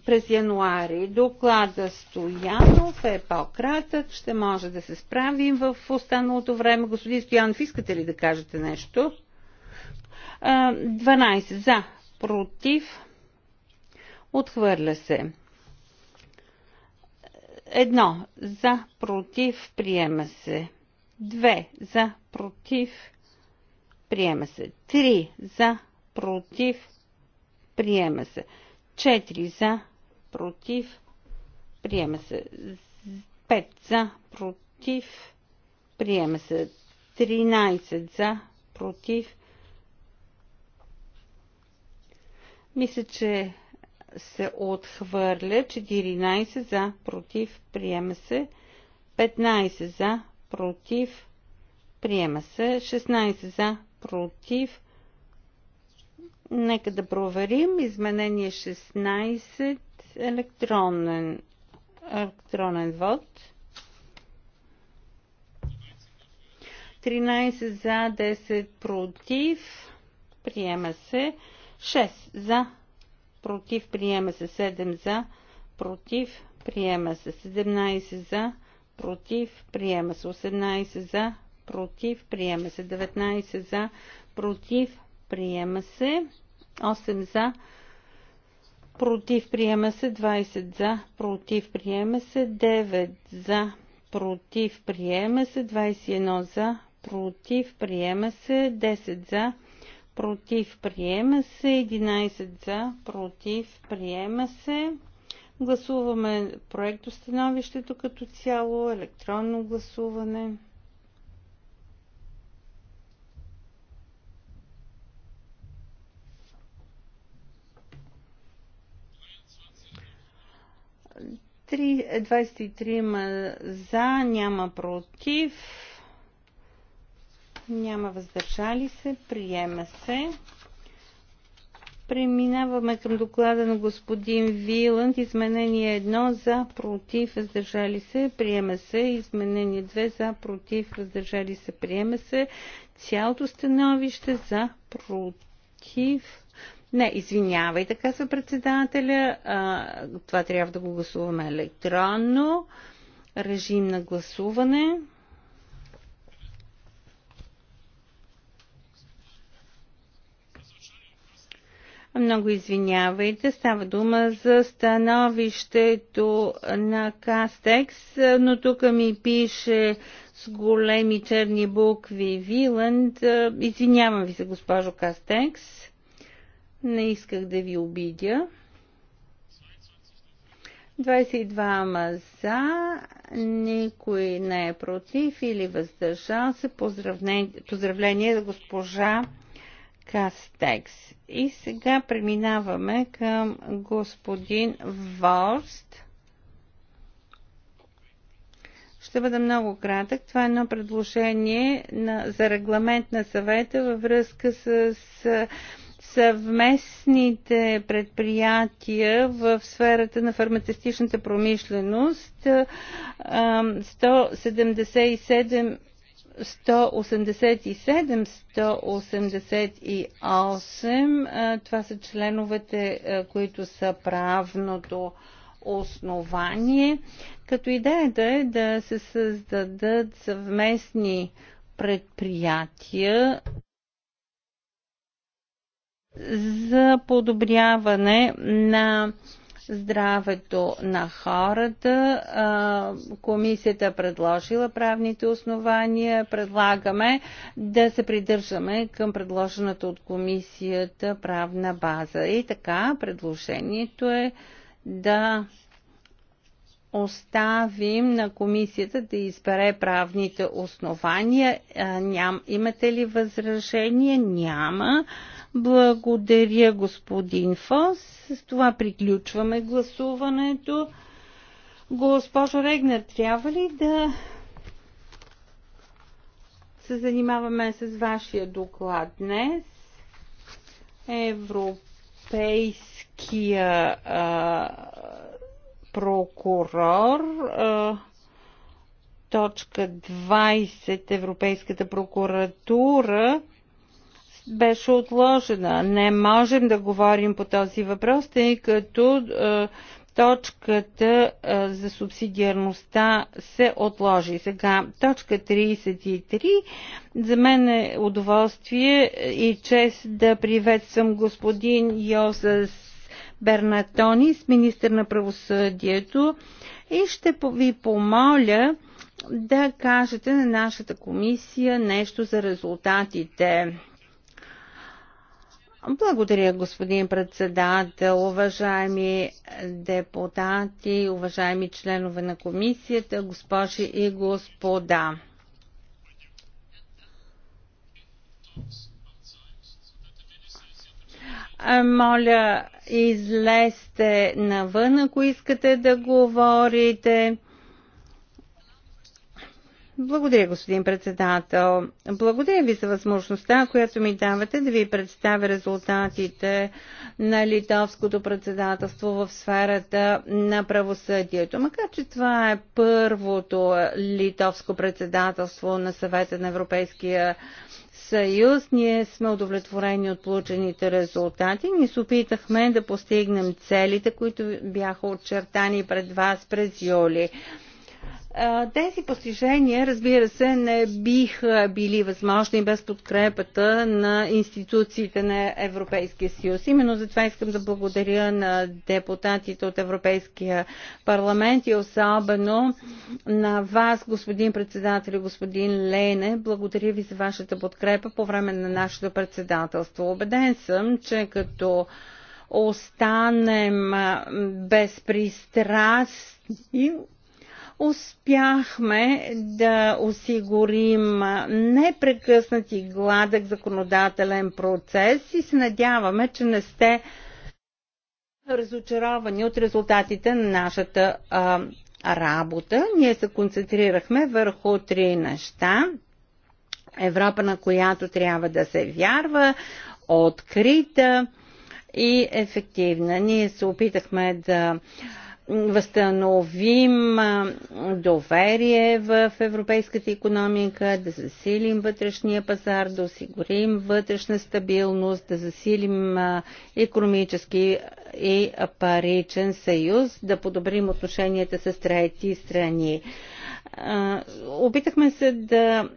през януари. доклада Стоянов е по-кратък, ще може да се справим в останалото време. Господин Стоянов, искате ли да кажете нещо? 12 е, за, против, отхвърля се. Едно за, против, приема се. Две за, против, приема се. Три за, против, Приема се. 4 за, против, приема се. 5 за, против, приема се. 13 за, против. Мисля, че се отхвърля. 14 за, против, приема се. 15 за, против, приема се. 16 за, против, Нека да проверим. Изменение 16. Електронен, електронен вод. 13 за, 10 против. Приема се. 6 за, против. Приема се. 7 за, против. Приема се. 17 за, против. Приема се. 18 за, против. Приема се. 19 за, против приема се. 8 за, против, приема се. 20 за, против, приема се. 9 за, против, приема се. 21 за, против, приема се. 10 за, против, приема се. 11 за, против, приема се. Гласуваме становището като цяло, електронно гласуване. 23 за, няма против, няма въздържали се, приема се. Преминаваме към доклада на господин Виланд. Изменение 1 за, против, въздържали се, приема се. Изменение 2 за, против, въздържали се, приема се. Цялото становище за, против, не, извинявайте, казва председателя. А, това трябва да го гласуваме електронно. Режим на гласуване. Много извинявайте, става дума за становището на Кастекс, но тук ми пише с големи черни букви Виланд. Извинявам ви се, госпожо Кастекс. Не исках да ви обидя. 22 ма за, никой не е против или въздържал се. Поздравление, поздравление за госпожа Кастекс. И сега преминаваме към господин Ворст. Ще бъда много кратък. Това е едно предложение на, за регламент на съвета във връзка с, с съвместните предприятия в сферата на фармацевтичната промишленост 177 187, 188, това са членовете, които са правното основание, като идеята е да се създадат съвместни предприятия за подобряване на здравето на хората. Комисията предложила правните основания. Предлагаме да се придържаме към предложената от комисията правна база. И така, предложението е да оставим на комисията да избере правните основания. Ням, имате ли възражение? Няма. Благодаря, господин Фос. С това приключваме гласуването. Госпожо Регнер, трябва ли да се занимаваме с вашия доклад днес? Европейския а, прокурор. А, точка 20 Европейската прокуратура беше отложена. Не можем да говорим по този въпрос, тъй като е, точката е, за субсидиарността се отложи. Сега, точка 33. За мен е удоволствие и чест да приветствам господин Йозас Бернатонис, министър на правосъдието, и ще ви помоля да кажете на нашата комисия нещо за резултатите благодаря, господин председател, уважаеми депутати, уважаеми членове на комисията, госпожи и господа. Моля, излезте навън, ако искате да говорите. Благодаря, господин председател. Благодаря ви за възможността, която ми давате да ви представя резултатите на литовското председателство в сферата на правосъдието. Макар, че това е първото литовско председателство на съвета на Европейския съюз, ние сме удовлетворени от получените резултати. Ние се опитахме да постигнем целите, които бяха очертани пред вас през юли. Тези постижения, разбира се, не биха били възможни без подкрепата на институциите на Европейския съюз. Именно за това искам да благодаря на депутатите от Европейския парламент и особено на вас, господин председател и господин Лене. Благодаря ви за вашата подкрепа по време на нашето председателство. Обеден съм, че като останем безпристрастни, успяхме да осигурим непрекъснат и гладък законодателен процес и се надяваме, че не сте разочаровани от резултатите на нашата а, работа. Ние се концентрирахме върху три неща. Европа, на която трябва да се вярва, открита и ефективна. Ние се опитахме да а, възстановим доверие в европейската економика, да засилим вътрешния пазар, да осигурим вътрешна стабилност, да засилим економически и паричен съюз, да подобрим отношенията с трети страни. Опитахме се да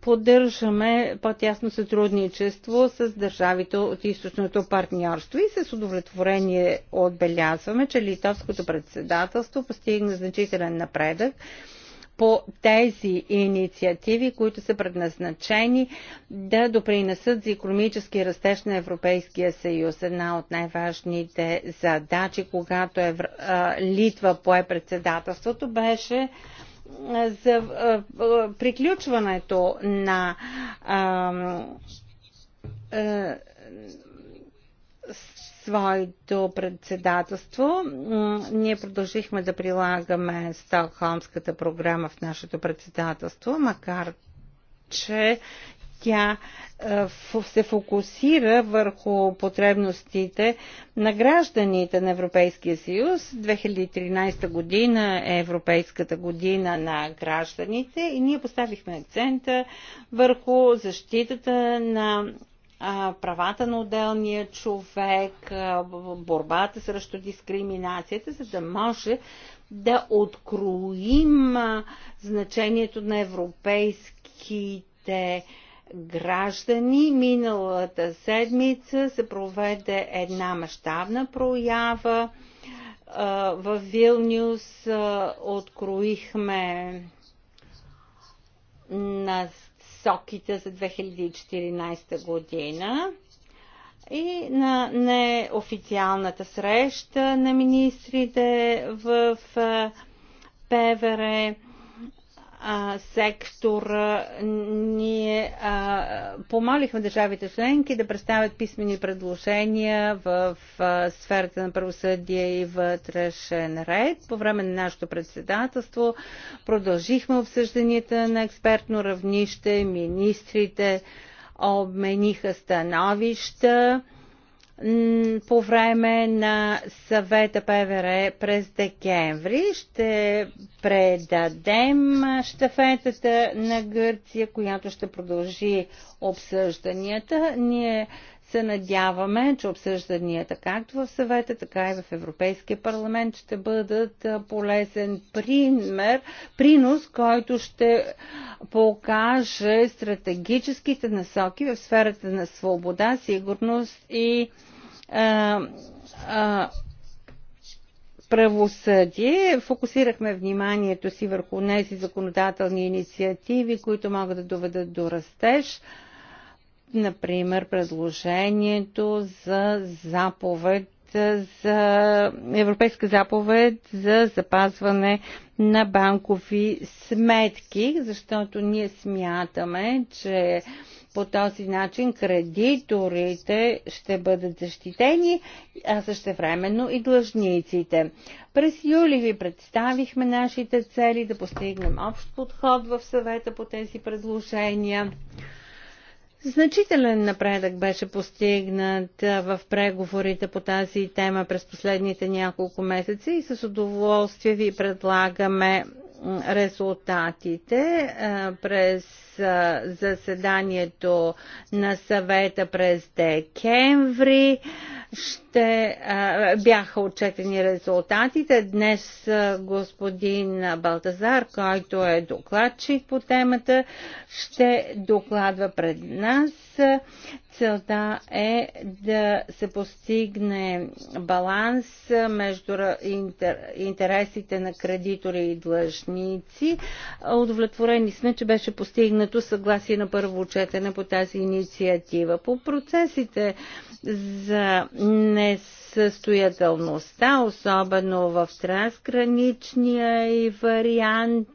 поддържаме по-тясно сътрудничество с държавите от източното партньорство и с удовлетворение отбелязваме, че литовското председателство постигна значителен напредък по тези инициативи, които са предназначени да допринесат за економически растеж на Европейския съюз. Една от най-важните задачи, когато Литва пое председателството, беше за приключването на своето председателство. Ние продължихме да прилагаме Стокхолмската програма в нашето председателство, макар че тя е, се фокусира върху потребностите на гражданите на Европейския съюз. 2013 година е Европейската година на гражданите и ние поставихме акцента върху защитата на правата на отделния човек, борбата срещу дискриминацията, за да може да откроим значението на европейските граждани. Миналата седмица се проведе една мащабна проява в Вилнюс. Откроихме на соките за 2014 година и на неофициалната среща на министрите в ПВР Сектор, Ние помолихме държавите членки да представят писмени предложения в сферата на правосъдие и вътрешен ред. По време на нашето председателство продължихме обсъжданията на експертно равнище, министрите обмениха становища по време на съвета ПВР през декември. Ще предадем щафетата на Гърция, която ще продължи обсъжданията. Ние се надяваме, че обсъжданията както в съвета, така и в Европейския парламент ще бъдат полезен пример, принос, който ще покаже стратегическите насоки в сферата на свобода, сигурност и а, а, правосъдие. Фокусирахме вниманието си върху тези законодателни инициативи, които могат да доведат до растеж, Например, предложението за заповед за европейска заповед за запазване на банкови сметки, защото ние смятаме, че по този начин кредиторите ще бъдат защитени, а също времено и длъжниците. През юли ви представихме нашите цели да постигнем общ подход в съвета по тези предложения. Значителен напредък беше постигнат в преговорите по тази тема през последните няколко месеца и с удоволствие ви предлагаме резултатите през заседанието на съвета през декември ще а, бяха отчетени резултатите. Днес а, господин Балтазар, който е докладчик по темата, ще докладва пред нас Целта е да се постигне баланс между интересите на кредитори и длъжници. Удовлетворени сме, че беше постигнато съгласие на първо четене по тази инициатива. По процесите за несъгласие състоятелността, особено в трансграничния и вариант,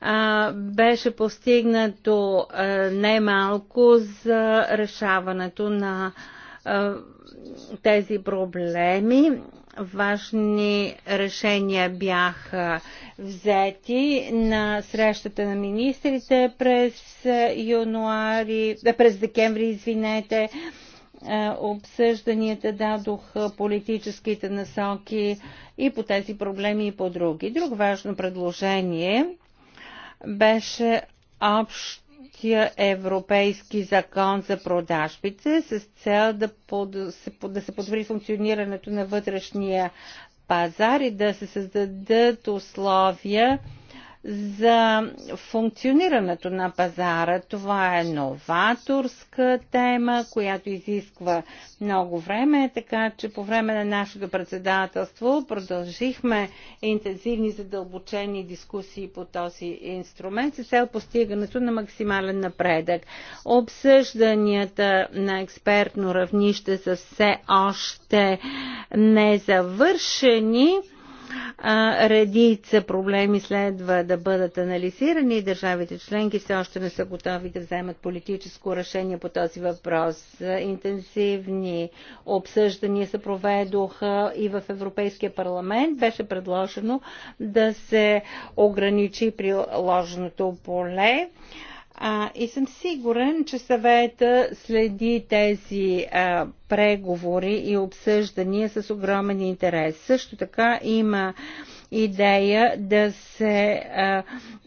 а, беше постигнато а, немалко за решаването на а, тези проблеми. Важни решения бяха взети на срещата на министрите през януари, през декември, извинете, е, обсъжданията дадох политическите насоки и по тези проблеми и по други. Друго важно предложение беше общия европейски закон за продажбите с цел да, под, да се подобри функционирането на вътрешния пазар и да се създадат условия за функционирането на пазара. Това е новаторска тема, която изисква много време, така че по време на нашето председателство продължихме интензивни задълбочени дискусии по този инструмент с цел постигането на максимален напредък. Обсъжданията на експертно равнище са все още незавършени а, редица проблеми следва да бъдат анализирани и държавите членки все още не са готови да вземат политическо решение по този въпрос. Интенсивни обсъждания се проведоха и в Европейския парламент. Беше предложено да се ограничи приложеното поле. А, а, и съм сигурен, че съвета следи тези а, преговори и обсъждания с огромен интерес. Също така има идея да се а,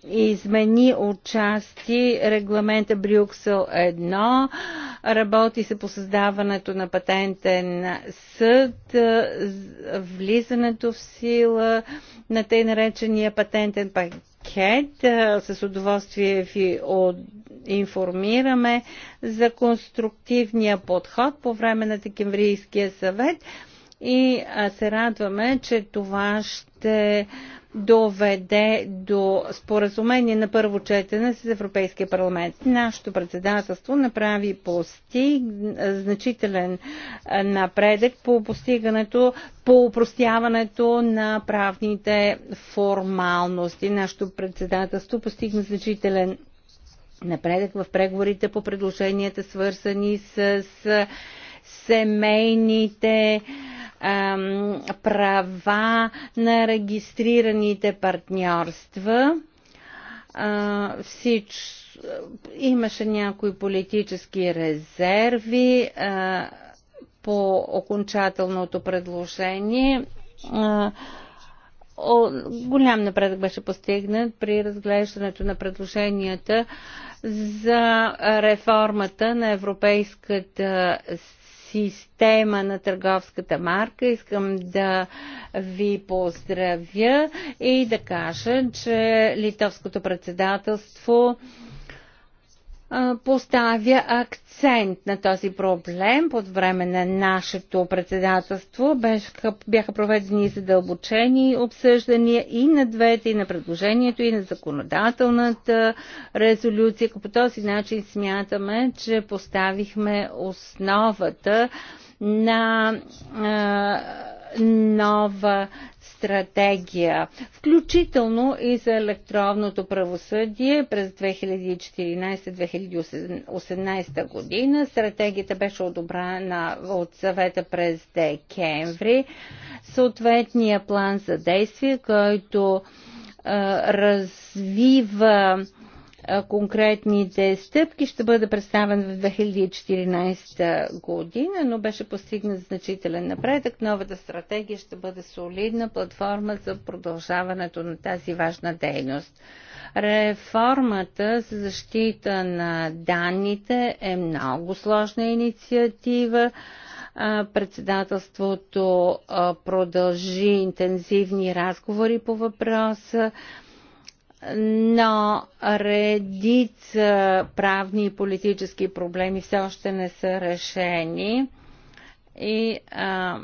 измени отчасти регламента Брюксел 1. Работи се по създаването на патентен съд, а, влизането в сила на тъй наречения патентен пакет Кет. Е, с удоволствие ви информираме за конструктивния подход по време на Декемврийския съвет и се радваме, че това ще доведе до споразумение на първо четене с Европейския парламент. Нашето председателство направи постиг, значителен напредък по постигането, по упростяването на правните формалности. Нашето председателство постигна значителен напредък в преговорите по предложенията, свързани с семейните права на регистрираните партньорства. Всич... Имаше някои политически резерви по окончателното предложение. Голям напредък беше постигнат при разглеждането на предложенията за реформата на Европейската система на търговската марка. Искам да ви поздравя и да кажа, че литовското председателство поставя акцент на този проблем под време на нашето председателство. Бяха, проведени задълбочени обсъждания и на двете, и на предложението, и на законодателната резолюция. По този начин смятаме, че поставихме основата на нова стратегия, включително и за електронното правосъдие през 2014-2018 година. Стратегията беше одобрена от съвета през декември. Съответния план за действие, който развива конкретните стъпки ще бъде представен в 2014 година, но беше постигнат значителен напредък. Новата стратегия ще бъде солидна платформа за продължаването на тази важна дейност. Реформата за защита на данните е много сложна инициатива. Председателството продължи интензивни разговори по въпроса но редица правни и политически проблеми все още не са решени и а,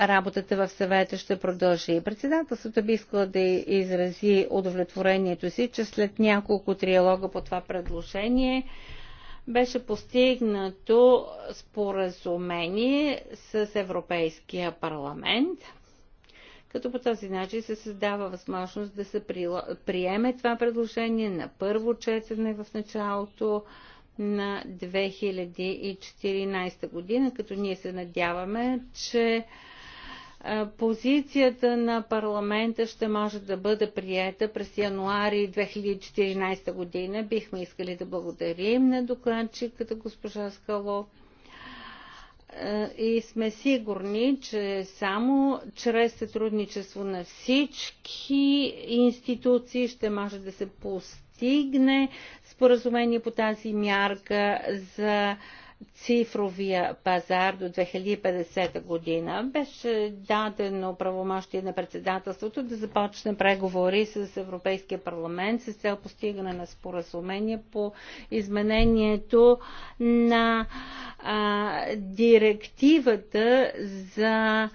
работата в съвета ще продължи. Председателството би искала да изрази удовлетворението си, че след няколко триалога по това предложение беше постигнато споразумение с Европейския парламент – като по този начин се създава възможност да се приеме това предложение на първо четене в началото на 2014 година, като ние се надяваме, че позицията на парламента ще може да бъде приета през януари 2014 година. Бихме искали да благодарим на докладчиката госпожа Скало е, и сме сигурни, че само чрез сътрудничество на всички институции ще може да се постигне споразумение по тази мярка за цифровия пазар до 2050 година. Беше дадено правомощие на председателството да започне преговори с Европейския парламент с цел постигане на споразумение по изменението на а, директивата за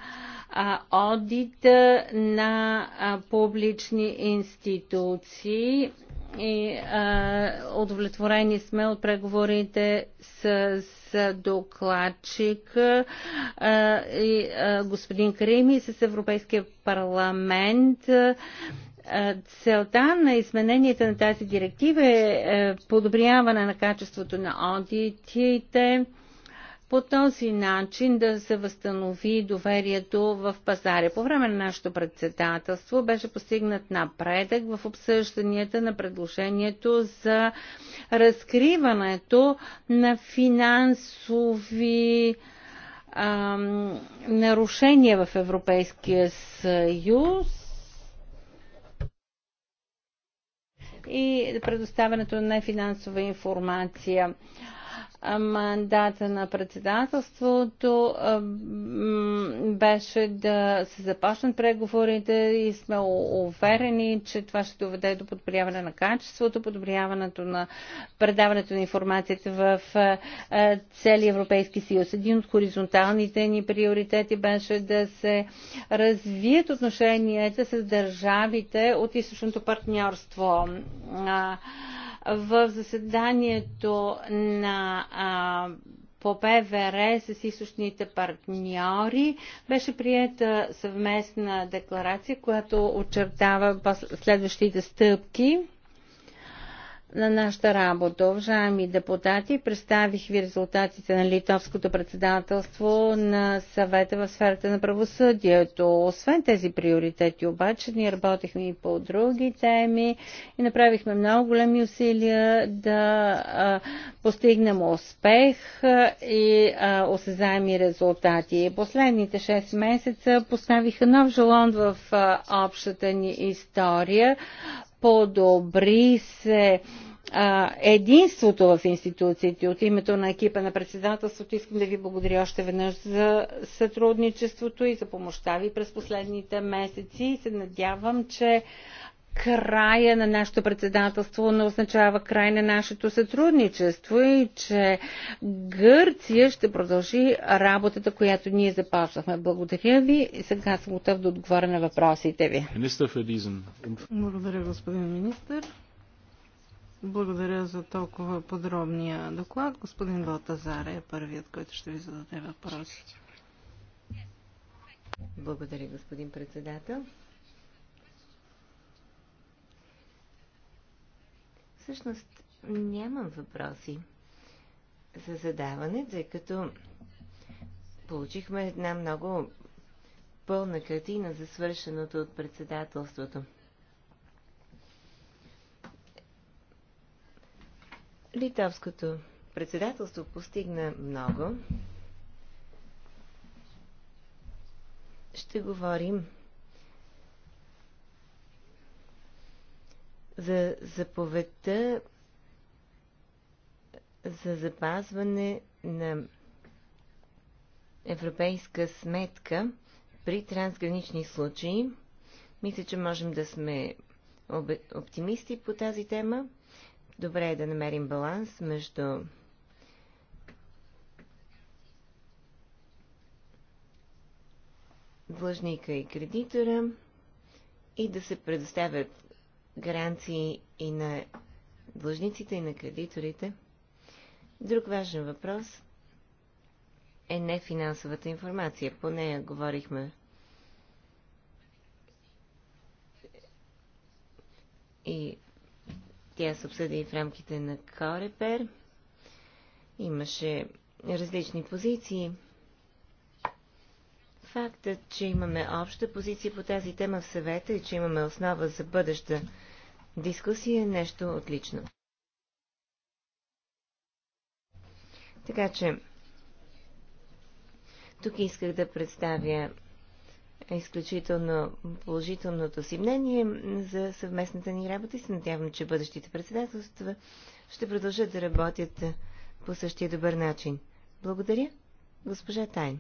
одита на публични институции и а, удовлетворени сме от преговорите с, с докладчик а, и а, господин Крими с Европейския парламент. Целта на измененията на тази директива е, е подобряване на качеството на аудитите, по този начин да се възстанови доверието в пазаря. По време на нашето председателство беше постигнат напредък в обсъжданията на предложението за разкриването на финансови ам, нарушения в Европейския съюз и предоставянето на финансова информация мандата на председателството беше да се започнат преговорите и сме уверени, че това ще доведе до подобряване на качеството, подобряването на предаването на информацията в цели Европейски съюз. Един от хоризонталните ни приоритети беше да се развият отношенията с държавите от източното партньорство в заседанието на а, по ПВР с източните партньори беше приета съвместна декларация, която очертава следващите стъпки на нашата работа. Уважаеми депутати, представих ви резултатите на литовското председателство на съвета в сферата на правосъдието. Освен тези приоритети обаче, ние работихме и по други теми и направихме много големи усилия да а, постигнем успех и а, осезаеми резултати. Последните 6 месеца поставиха нов желон в а, общата ни история подобри се единството в институциите. От името на екипа на председателството искам да ви благодаря още веднъж за сътрудничеството и за помощта ви през последните месеци и се надявам, че края на нашето председателство не означава край на нашето сътрудничество и че Гърция ще продължи работата, която ние започнахме. Благодаря ви и сега съм готов да отговоря на въпросите ви. Благодаря, господин министр. Благодаря за толкова подробния доклад. Господин Балтазар е първият, който ще ви зададе въпрос. Благодаря, господин председател. Всъщност нямам въпроси за задаване, тъй като получихме една много пълна картина за свършеното от председателството. Литовското председателство постигна много. Ще говорим за заповедта за запазване на европейска сметка при трансгранични случаи. Мисля, че можем да сме оптимисти по тази тема. Добре е да намерим баланс между длъжника и кредитора и да се предоставят гаранции и на длъжниците, и на кредиторите. Друг важен въпрос е не финансовата информация. По нея говорихме и тя се обсъди и в рамките на Корепер. Имаше различни позиции. Фактът, че имаме обща позиция по тази тема в съвета и че имаме основа за бъдеща дискусия е нещо отлично. Така че, тук исках да представя изключително положителното си мнение за съвместната ни работа и се надявам, че бъдещите председателства ще продължат да работят по същия добър начин. Благодаря, госпожа Тайн.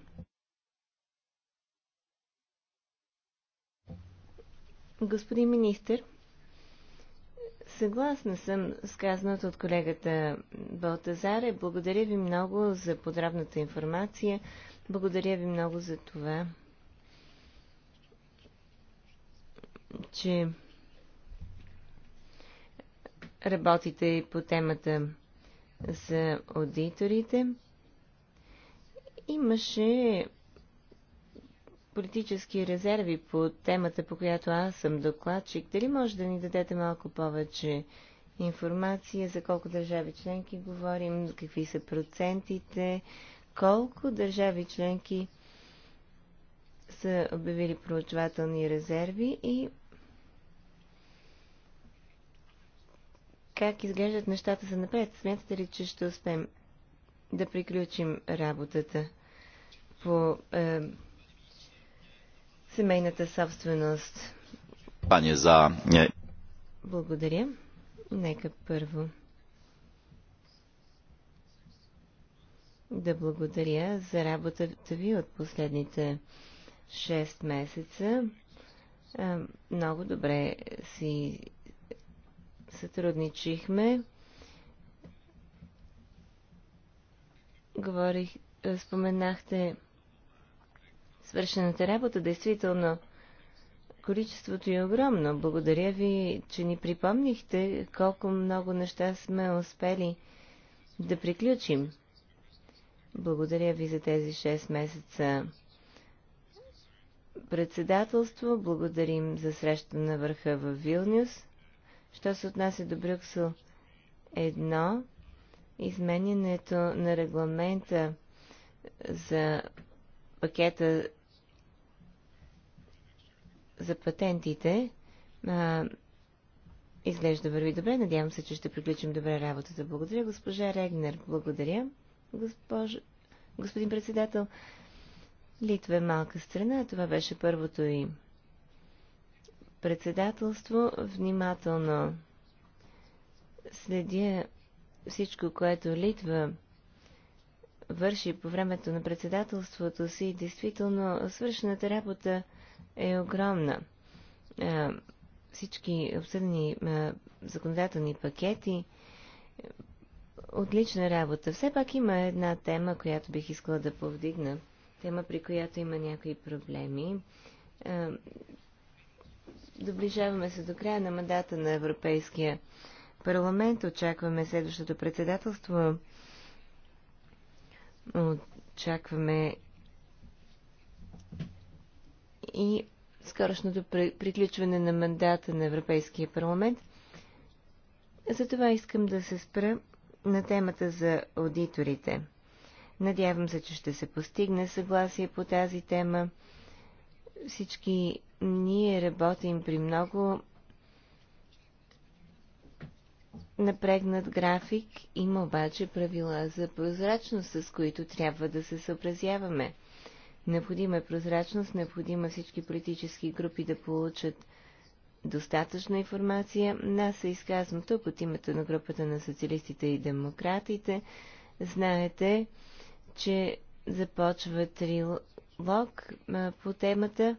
Господин министр, съгласна съм с казаното от колегата Балтазаре. Благодаря ви много за подробната информация. Благодаря ви много за това, че работите и по темата за аудиторите. Имаше политически резерви по темата, по която аз съм докладчик. Дали може да ни дадете малко повече информация за колко държави членки говорим, какви са процентите, колко държави членки са обявили проучвателни резерви и как изглеждат нещата за напред. Смятате ли, че ще успеем да приключим работата по е, семейната собственост. Пане за... Е, благодаря. Нека първо да благодаря за работата ви от последните 6 месеца. Много добре си сътрудничихме. Говорих, споменахте свършената работа. Действително, количеството е огромно. Благодаря ви, че ни припомнихте колко много неща сме успели да приключим. Благодаря ви за тези 6 месеца председателство. Благодарим за среща на върха в Вилнюс. Що се отнася до Брюксел едно, изменянето на регламента за пакета за патентите а, изглежда върви добре. Надявам се, че ще приключим добре работата. Благодаря, госпожа Регнер. Благодаря, госпож... господин председател. Литва е малка страна. Това беше първото и председателство. Внимателно следя всичко, което Литва върши по времето на председателството си. Действително, свършената работа е огромна. Е, всички обсъдени е, законодателни пакети, е, отлична работа. Все пак има една тема, която бих искала да повдигна. Тема, при която има някои проблеми. Доближаваме се до края на мандата на Европейския парламент. Очакваме следващото председателство. Очакваме и скорошното приключване на мандата на Европейския парламент. Затова искам да се спра на темата за аудиторите. Надявам се, че ще се постигне съгласие по тази тема. Всички ние работим при много напрегнат график, има обаче правила за прозрачност, с които трябва да се съобразяваме. Необходима е прозрачност, необходима е всички политически групи да получат достатъчна информация. Нас се изказвам тук от името на групата на социалистите и демократите. Знаете, че започва трилог по темата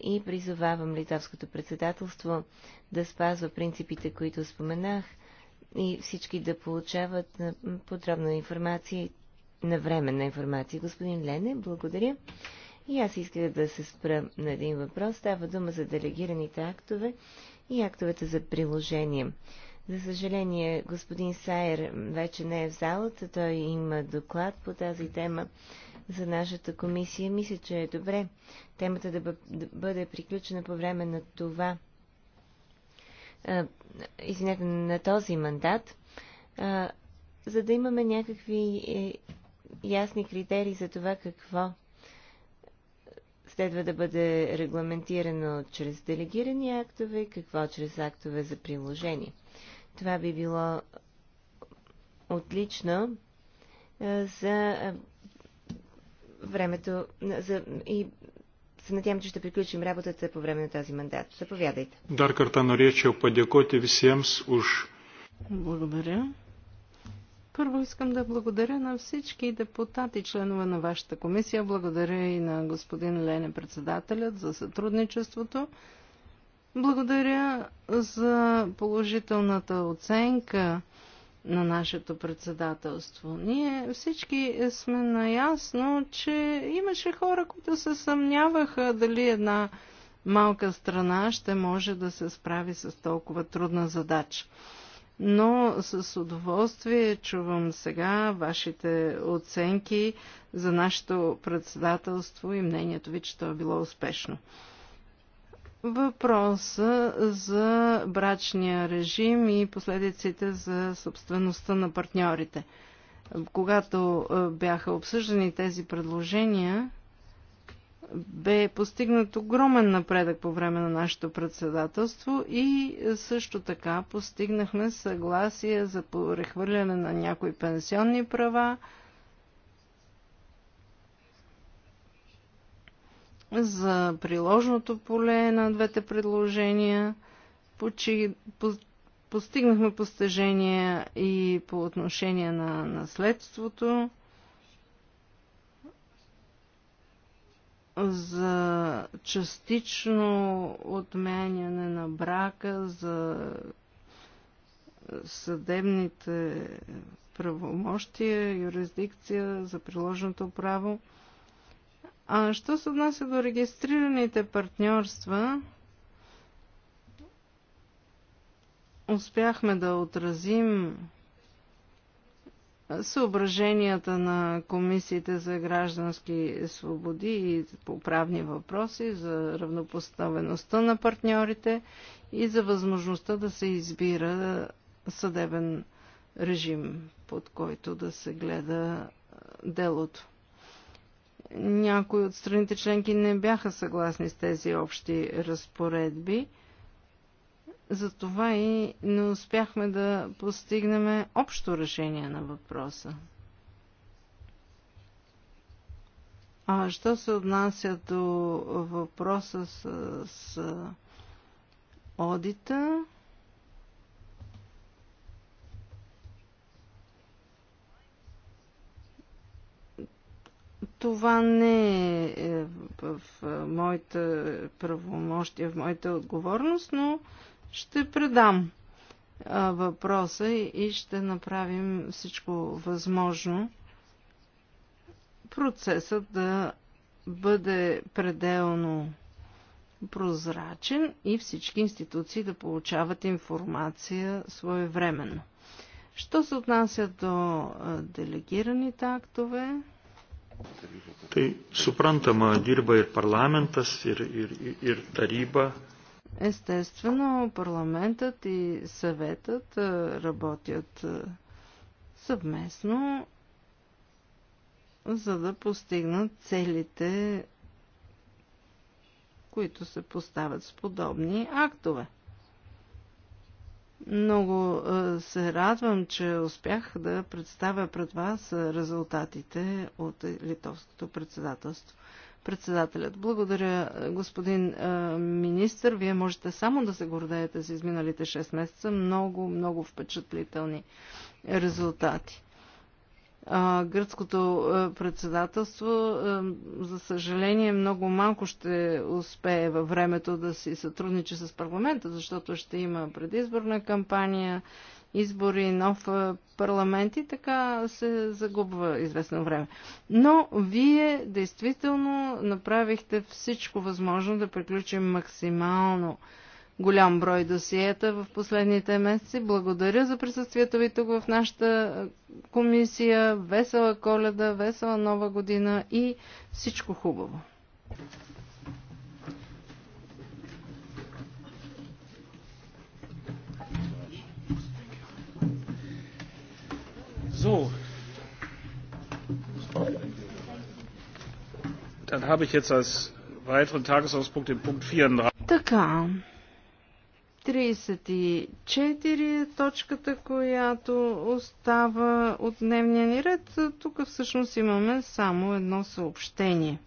и призовавам литовското председателство да спазва принципите, които споменах и всички да получават подробна информация и на на информация. Господин Лене, благодаря. И аз исках да се спра на един въпрос. Става дума за делегираните актове и актовете за приложение. За съжаление, господин Сайер вече не е в залата. Той има доклад по тази тема за нашата комисия. Мисля, че е добре темата да бъде приключена по време на това. Извинете, на този мандат, за да имаме някакви е, ясни критерии за това какво следва да бъде регламентирано чрез делегирани актове, и какво чрез актове за приложение. Това би било отлично за времето за, и се надявам, че ще приключим работата по време на този мандат. Заповядайте. Дар карта на речи, подякоти всем уж. Благодаря. Първо искам да благодаря на всички депутати, членове на вашата комисия. Благодаря и на господин Лене, председателят, за сътрудничеството. Благодаря за положителната оценка на нашето председателство. Ние всички сме наясно, че имаше хора, които се съмняваха дали една малка страна ще може да се справи с толкова трудна задача но с удоволствие чувам сега вашите оценки за нашето председателство и мнението ви, че то е било успешно. Въпроса за брачния режим и последиците за собствеността на партньорите. Когато е, бяха обсъждани тези предложения, бе постигнат огромен напредък по време на нашето председателство и също така постигнахме съгласие за прехвърляне на някои пенсионни права, за приложното поле на двете предложения. постигнахме постижения и по отношение на наследството. за частично отменяне на брака, за съдебните правомощия, юрисдикция, за приложното право. А що се отнася до регистрираните партньорства, успяхме да отразим съображенията на комисиите за граждански свободи и по правни въпроси, за равнопоставеността на партньорите и за възможността да се избира съдебен режим, под който да се гледа делото. Някои от страните членки не бяха съгласни с тези общи разпоредби затова и не успяхме да постигнем общо решение на въпроса. А що се отнася до въпроса с, с одита? Това не е в моите правомощия, в моите отговорност, но ще предам въпроса и ще направим всичко възможно процесът да бъде пределно прозрачен и всички институции да получават информация своевременно. Що се отнася до делегираните актове? Тъй, супрантама, дирба и parlamentas, и тариба. Естествено, парламентът и съветът работят съвместно, за да постигнат целите, които се поставят с подобни актове. Много се радвам, че успях да представя пред вас резултатите от литовското председателство. Председателят. Благодаря, господин министр. Вие можете само да се гордеете с изминалите 6 месеца. Много, много впечатлителни резултати. Гръцкото председателство, за съжаление, много малко ще успее във времето да си сътрудничи с парламента, защото ще има предизборна кампания, избори, нов парламент и така се загубва известно време. Но вие действително направихте всичко възможно да приключим максимално голям брой досиета в последните месеци. Благодаря за присъствието ви тук в нашата комисия. Весела коледа, весела нова година и всичко хубаво! Така. 34 е точката, която остава от дневния ни ред. Тук всъщност имаме само едно съобщение.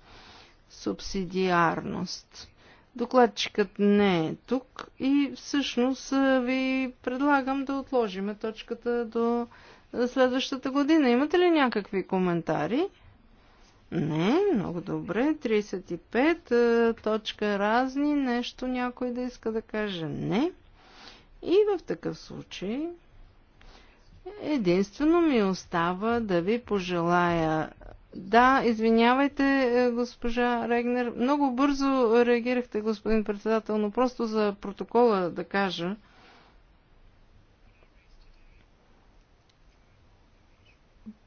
Субсидиарност. Докладчикът не е тук и всъщност ви предлагам да отложиме точката до следващата година. Имате ли някакви коментари? Не, много добре. 35 е, точка разни, нещо някой да иска да каже не. И в такъв случай единствено ми остава да ви пожелая да, извинявайте, е, госпожа Регнер. Много бързо реагирахте, господин председател, но просто за протокола да кажа.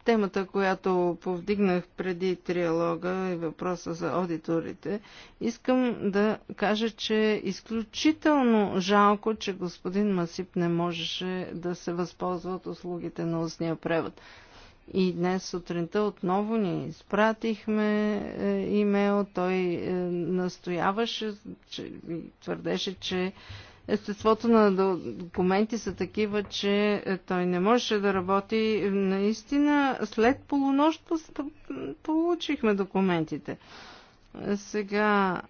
Темата, която повдигнах преди триалога и въпроса за аудиторите, искам да кажа, че е изключително жалко, че господин Масип не можеше да се възползва от услугите на устния превод. И днес сутринта отново ни изпратихме е, имейл. Той е, настояваше, че, твърдеше, че естеството на документи са такива, че е, той не можеше да работи. Наистина, след полунощ получихме документите. Сега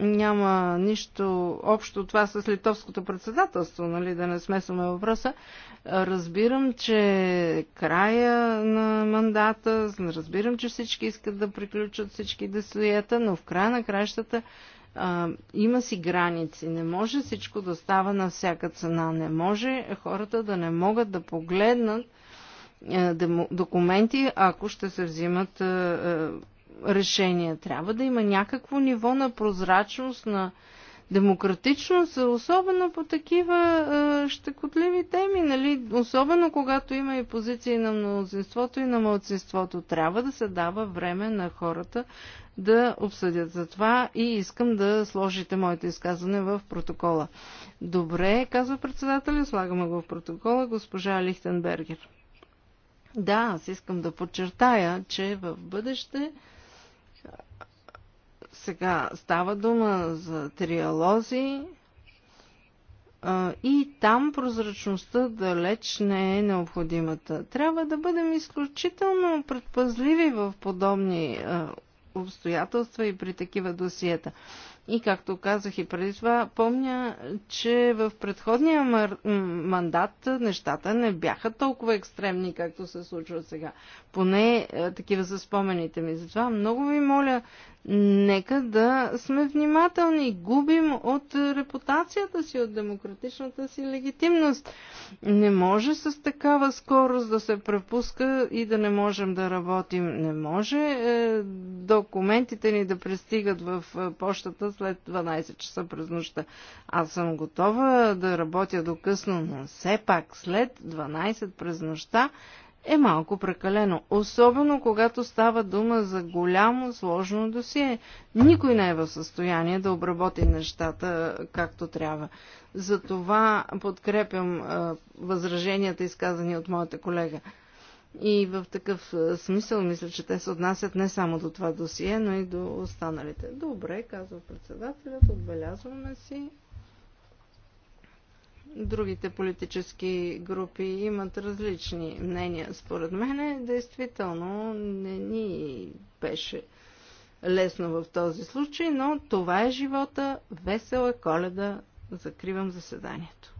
няма нищо общо това с литовското председателство, нали, да не смесваме въпроса. Разбирам, че края на мандата, разбирам, че всички искат да приключат всички десоята, но в края на краищата а, има си граници. Не може всичко да става на всяка цена. Не може хората да не могат да погледнат а, е, документи, ако ще се взимат а, е, а, е, решения. Трябва да има някакво ниво на прозрачност на демократичност, особено по такива щекотливи теми, нали? особено когато има и позиции на мнозинството и на младсинството. Трябва да се дава време на хората да обсъдят. за това и искам да сложите моето изказване в протокола. Добре, казва председателя, слагаме го в протокола, госпожа Лихтенбергер. Да, аз искам да подчертая, че в бъдеще сега става дума за триалози и там прозрачността далеч не е необходимата. Трябва да бъдем изключително предпазливи в подобни обстоятелства и при такива досиета. И както казах и преди това, помня, че в предходния мандат нещата не бяха толкова екстремни, както се случва сега. Поне е, такива са спомените ми. Затова много ви моля, Нека да сме внимателни. Губим от репутацията си, от демократичната си легитимност. Не може с такава скорост да се препуска и да не можем да работим. Не може е, документите ни да пристигат в е, почтата след 12 часа през нощта. Аз съм готова да работя до късно, но все пак след 12 през нощта е малко прекалено. Особено когато става дума за голямо сложно досие. Никой не е в състояние да обработи нещата както трябва. Затова подкрепям възраженията, изказани от моята колега. И в такъв смисъл мисля, че те се отнасят не само до това досие, но и до останалите. Добре, казва председателят, отбелязваме си другите политически групи имат различни мнения. Според мен, действително не ни беше лесно в този случай, но това е живота. Весела коледа. Закривам заседанието.